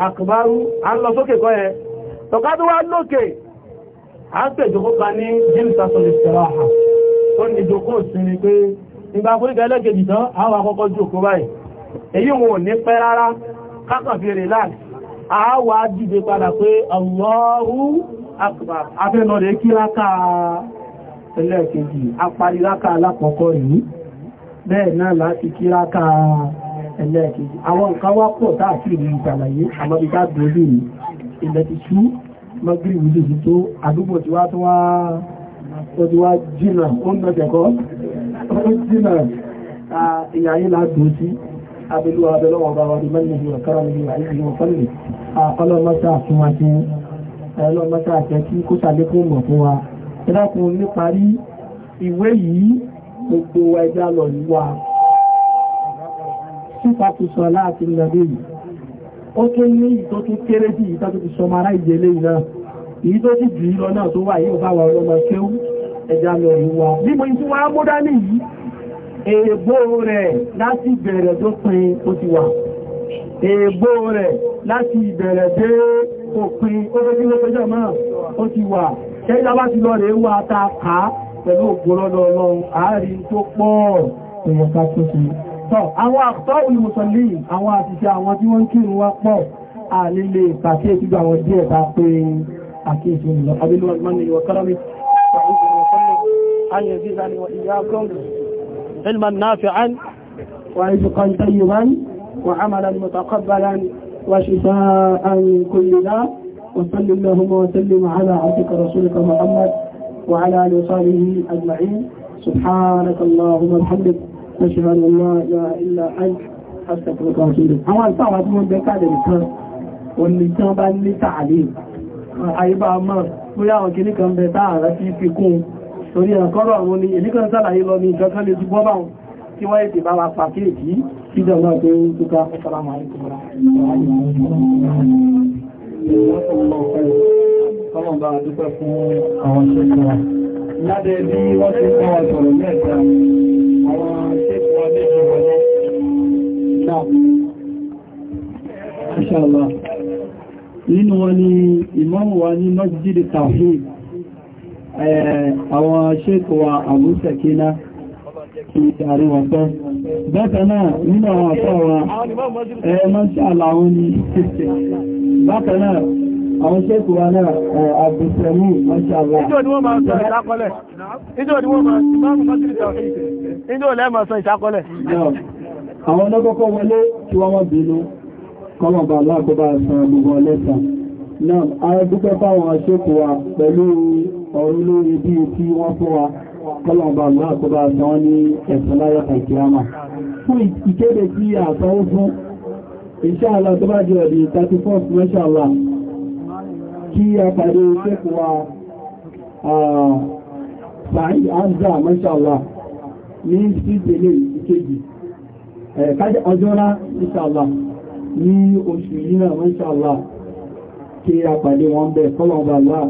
akbaru a ń lọ sókè kọ́ yẹn tọ́ká tó wá lókè a ń pè jòkó kan ní james asọ̀lẹ̀ sẹ̀ráhà ó ní jòkó sinmi pé ìgbà borí kan lẹ́lẹ́ẹ̀kejì tán a wá kọ́kọ́ jòkó báyìí èyí wọn ò ní pẹ́ rárá kákan fi relax a wá dìde padà ẹlẹ́ẹ̀kejì apariláka alákọ̀ọ́kọ́ yìí bẹ́ẹ̀ náà láti kíráka ẹlẹ́ẹ̀kejì àwọn nǹkan wá pọ̀ táàkì ìlú ìtàlàyé àmọ́bíká gbòógì ní ilẹ̀ ti tú mọ́gírí wùdí sí tó àdúgbò tí wá tó wá jìnà ó ń lọ́tẹ̀kọ́ ó jìnà ìyàyé ládùú sí abẹ́lú abẹ́lọ́wọ̀ bá wà ní mẹ́lẹ́lẹ́ ọ̀kára níbi àìsí wọn fẹ́lẹ̀ àkọlọ́mọ́sá ẹ̀dàkùn níparí ìwé yìí gbogbo ẹjá lọ níwá sípàtùsọ láti nàbí yìí ó tó ní ìtó tó kéré sí ìtó tó ti sọ mara ìjẹlé náà èyí tó ti jù lọ náà tó wà yíò bá wà ọlọ́mọ kéwú ẹjá lọ níwá nígbò ìtú wa mọ́dá ní yìí èèbó rẹ̀ láti bẹ̀rẹ̀ tó pin ó ti wà èèbó rẹ̀ láti ó ti wà tẹ́jà bá ti lọ rẹ̀ wà ta ká pẹ̀lú ògbòrọ́lọ́ ọlọ́run ààrí tó pọ̀ ìwọ̀ká tó ṣe tọ́ àwọn àpọ̀ olùmùsọ̀lì àwọn àṣìṣe àwọn tí wọ́n ń kírun wá pọ̀ àlele ìpàkíyèsí gbà wọn díẹ̀ bá pé àkíyèsí وشفاء كل ذا وصل اللهم وسلم على عبدك رسولك محمد وعلى آله وصحبه أجمعين سبحانك اللهم وبحمدك نشهد أن لا إله إلا أنت أستغفرك وأتوب إليك àwọn àtàwọn tí wọ́n bẹ káàdì nìkan wọ́n ní tí wọ́n bá ní tààlé àyíbá mọ́ lórí àwọn kìíní kan bẹ táàrà sí fi kún torí ẹ̀kọ́rọ̀ àwọn ní èdè kan sálàyé lọ ní ìjọ kan lè túbọ́ bá wọn tí wọ́n ètè bá wa pàkíyèsí ìjọba tó ń túká ọ̀sán àwọn àríkùnrin Ọlọ́run bá dúpẹ́ fún wa. Ládẹ́ bí wọ́n àwọn ṣẹ́kọ̀ wa méjì Náà, wọn bákan náà àwọn ṣẹ́kù wa náà àbùsẹ̀mí mọ́ṣàlá ìjọ́ ni wọ́n máa sọ ìṣàkọlẹ̀ ìjọ́ ni wọ́n máa sọ ìṣàkọlẹ̀ àwọn ọlọ́kọ́kọ́ wọlé tí wọ́n wọ́n bínú kọmọ̀ bá láàkọ́bá san gbogbo ọlẹ́ta náà ara dúpẹ́ fáwọn ṣẹ́kù wa pẹ̀lú ọ̀rún lórí bí tí wọ́n fún wa kọlọ̀mbà láàkọ́bá san wọ́n ní ẹ̀sán láyọ̀ kàìkìámà fún ìkéde tí àtọ́wọ́ fún Inshallah tó bá jẹ́ ọ̀dí 31st Mashallah kí a pàdé ṣẹ́kùwa Sa'id Hamza Mashallah ní sídèlé ìkéjì. Kájẹ́ ọjọ́rá Inshallah ní oṣù yìí náà Mashallah kí a pàdé wọn bẹ̀ kọ́lọ̀bàlá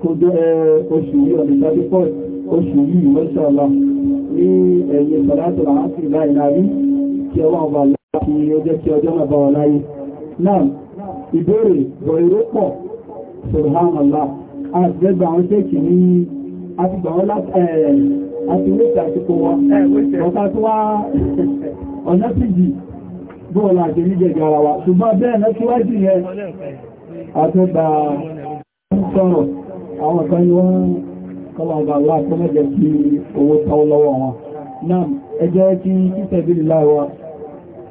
kó jẹ́ oṣù yìí ọ̀dí 31st oṣù yìí Mashallah ní ẹ̀yẹ Salatul Asr láìláàrí kí ọlọ́ọ̀bàlá àti ọjọ́ tí ọjọ́ mẹ́bà ọ̀láyé náà ìbéèrè bọ̀ ìrópọ̀ ṣùgbọ́nàlá àgbẹ́gbà àwọn tẹ́kì ní àtìgbà wọn láti àti mẹ́jẹ̀ sí owó tọ́ lọ́wọ́ wọn náà ẹjẹ́ kí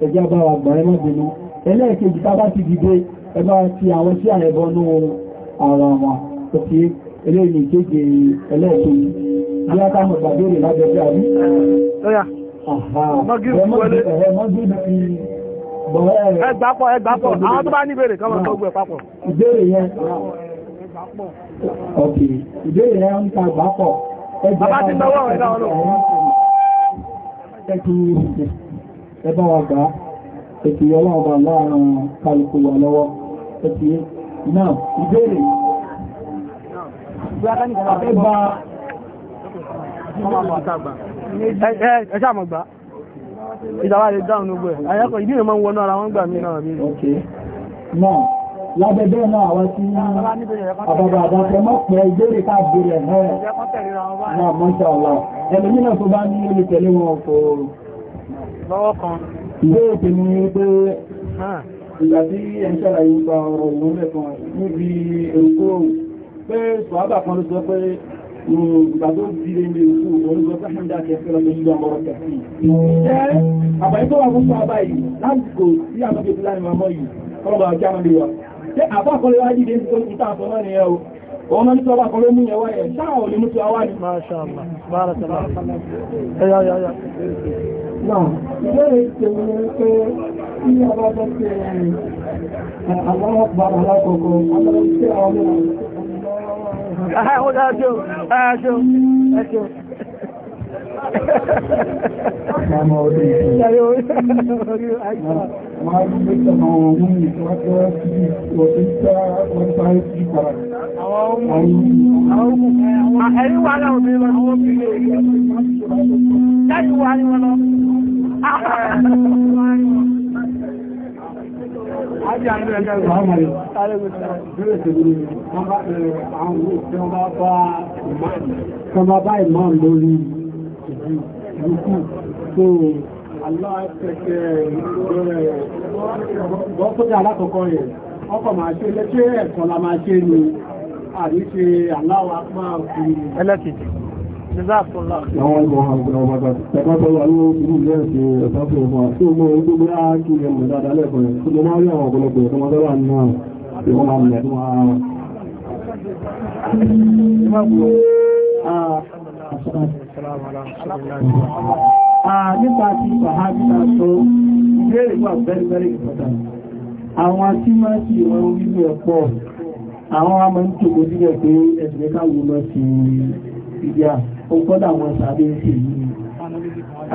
ẹjẹ́ bá wa gbọ́n ẹmọ́ bínú ẹlẹ́ẹ̀kejì tá bá ti dìde ẹ bá ti àwọn sí àyẹ̀bọ́ nú ara wọn tó fi eléyìí ìkéje ẹlẹ́ẹ̀kejì bí a ká mọ̀ gbàgbére lábẹ́bẹ́ àbí Ẹgbàpọ̀ ẹgbàpọ̀ àwọn tó bá ní ìbéèrè kan wọ́n tó gbẹ̀ papọ̀. Ìbéèrè yẹn ọ̀kì ìbéèrè yẹn ń ta gbàpọ̀. Bàbá ti náwó ọ̀rẹ́ náà lọ ẹbá wa gbá ètì ọlọ́ọ̀bà láàrin kálukú wà lọ́wọ́ ètì náà ìbéèrè ẹgbà ẹ̀ṣà mọ̀ gbá ìjàwà lè dáhùn ní ogbẹ̀ àyẹ́kọ̀ ìbéèrè mọ́ wọnú ara wọn gbà mí náà bí náà lábẹ́bẹ́ náà àwọn tí àbàbà àdáfẹ́ mọ́ pẹ̀ ìbéèrè káàbìrì ẹ̀ náà mọ́ṣàlá ẹ̀lú nínú tó bá ní ilé tẹ̀lé wọn kòòrò lọ́wọ́ kan ilé ètè ní pé ah. ìgbà tí ẹ̀ ń ṣàlàyé gba ọ̀rọ̀ ìwọ̀n lẹ́kan níbi èkó pé ṣùgbọ́n kan ló sọ pé ìgbà tó di lè lè kú òun sọ pé hàndà kẹfẹ́ lọ lójú ọmọ ọ̀rọ̀ kẹfì jẹ́ àbáyé tó wà fún fún àbá yìí lásìkò sí àbájẹ́ tó láì mọ́ yìí ọlọ́gbà ọjọ́ àmọ́ lè wà jẹ́ wọ́n mọ́ nípa ọlọ́pàá ẹwà ẹ̀ ò lè mú ti àwárí. Máṣá Allah, bára tẹ̀lá. Ẹyà, ẹyà, ẹyà. Náà, ìbéèrè ìṣèlú ni pé kí ni ọba tó ṣe ẹ̀yìn àwọn ọ̀pàá alákọ̀ọ́kọ́, àwọn ọ̀pàá alákọ̀ọ́kọ́. Ẹ̀ṣẹ́ Kọmọ bá ìmọ̀ lórí to do yòókù so aláàtẹ̀kẹ́ rẹ̀ bọ́kútà alákọ̀ọ́kọ́ yẹn ọkọ̀ máa ṣe lẹ́ṣẹ́ ẹ̀kọ́ la máa ṣe ni àríṣe aláwọ̀ apá òfin ẹlẹ́kìtì Ìwọ́n máa mẹ̀rún ara. Ah, nípa ti Fàhábíta tó ìbéèrè wà very very important. Àwọn tí máa ti wọ́n wíwú ẹ̀pọ̀, àwọn a máa ń tòkó sílẹ̀ pé ẹ̀sùn ká wo lọ sí ìdíà, ó kọ́dà wọn sàbé sí yìí.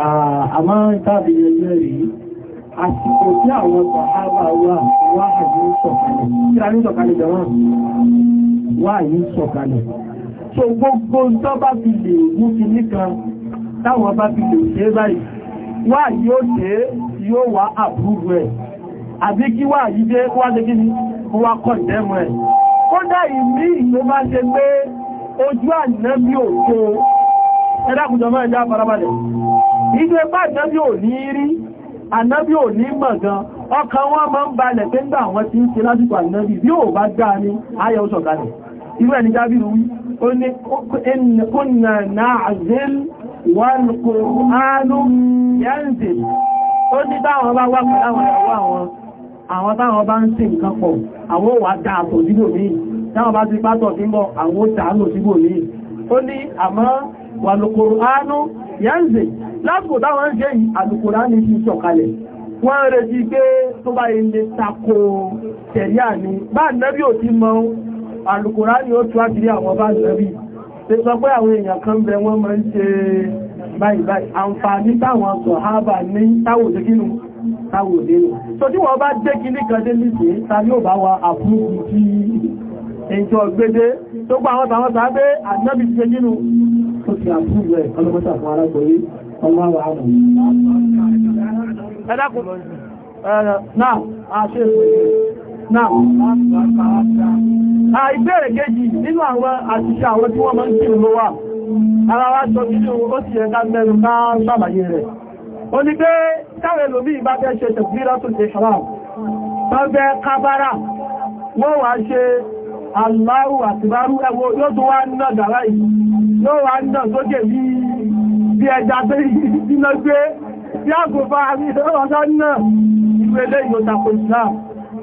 Ah, Àmá tàbí ẹgbẹ́ rí, àsìkò tí àwọn Fàhábà wà wà ní sọ̀kalẹ̀. Kí so gbogbo tó bá fi lè mú ti nìkan táwọn bá fi lè ṣe báyìí wà yóò ṣe yóò wá àbúrú ẹ̀ àbí kí wà yí dé wá lé kí ni wá kọ̀ dẹ́mọ̀ ẹ̀ ó dá ìmí ìlú bá ṣe pé ojú ànábí òkó ẹ̀dàkùnjọ mọ́ ẹ̀dà farabalẹ̀ ìgbé bá ànábí ò ní rí ò ní ọkàn wọn máa ń pé ń àwọn tí ń ṣe lásìkò إن كنا نعزل والقرآن ينزل ó ní táwọn bá wá pẹ̀lú àwọn ìyàwó àwọn àwọn táwọn bá ń ṣe nǹkan pọ̀ àwọn ò wá dáàtò síbò ní táwọn bá ti pátọ̀ sí mọ́ àwọn ó dáàlò síbò ní ó ní àmọ́ wàlùkùránù yẹ́ǹsì lásìkò táwọn ń yìí ti sọ̀kalẹ̀ wọ́n pé tó bá alùkùrá ni ó tú àkiri àwọn bá nàbí ṣe sọ pé àwọn èèyàn kan bẹ wọ́n máa ń ṣe báyìí báyìí àǹfààní táwọn sọ̀hábà ní táwò dékínú táwò dénú so tí wọ́n bá dé kíní kan dé nìsí ta ni ó bá wa àfúnkù tí ẹjọ́ gbédé tó gbà àwọn tàwọn tàbí ànábì ṣe nínú tó ti àfúnkù rẹ̀ ọlọ́mọ́ta fún arákùnrin ọlọ́wọ́ àmì ẹ̀dàkùn náà a ṣe ìpínlẹ̀ náà ah, ìbéèrè kejì nínú àwọn àṣìṣe àwọn tí wọ́n máa ń kí ló wà ara wá sọ nínú ó sì ẹ̀ká mẹ́rin bá sàbàyé rẹ̀ o ní pé káwẹ̀ lómi ìbá fẹ́ ṣe takbiratul ihram wọ́n fẹ́ kábára wọ́n wá ṣe Allahu àtìbárú ẹwọ yóò tó wá náà dàrá yìí yóò wá náà sókè bí ẹja tó yìí sí lọ gbé bí àgùnfà àmì ìṣẹ́lọ́wọ́sá náà ìwé lẹ́yìn ó tako Islam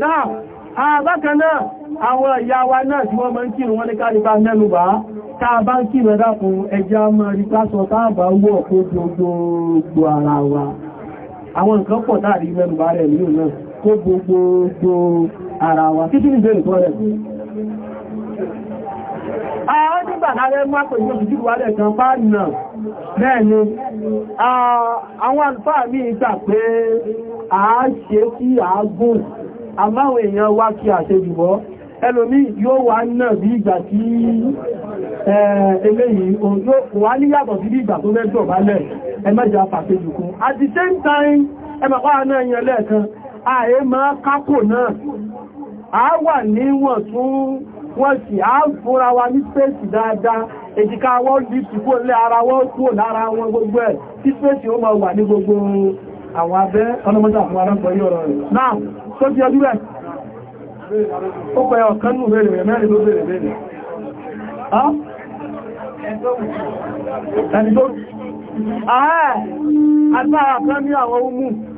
náà àbákan náà àwọn ìyá wa náà tí wọ́n máa ń kírun wọ́n ní kálíbá mẹ́nubà táa bá ń kírun dákun ẹjá máa rí pásọ táàbà wọ́ fún gbogbo ara wa àwọn nǹkan pọ̀ táàrí mẹ́nubà rẹ̀ ní ìlú náà kó gbogbo ara wa títí ní ìbẹ̀rẹ̀ tọ́rẹ̀ àwọn nígbà lárẹ́ mọ́ pẹ̀lú ìjúwálẹ̀ kan bá náà Bẹ́ẹ̀ni, àwọn àlùfáà mi gbà pé a ṣe kí a gùn, àmáwọn èèyàn wá kí a ṣe jùbọ́. Ẹlòmí yóò wá náà bí ìgbà tí eléyìí, wà ní yàtọ̀ sí bí ìgbà tó mẹ́jọ balẹ̀, ẹmẹ́jà pàtẹ́jù kún. At the same time, ẹmọ̀pá náà yẹn lẹ́ẹ̀kan, ààyè máa kápò náà, a wà níwọ̀n tún wọ́n sì á fúnra wa ní spéèsì dáadáa èjìká wọ́n dì sí kó lé ara wọ́n kúrò lára wọn gbogbo ẹ̀ tí spéèsì ó máa ní gbogbo àwọn abẹ́ ọlọ́mọdé àwọn arákọ̀ yí ọ̀rọ̀ rẹ̀ náà tó ọdún rẹ̀ ó nù mẹ́rin ló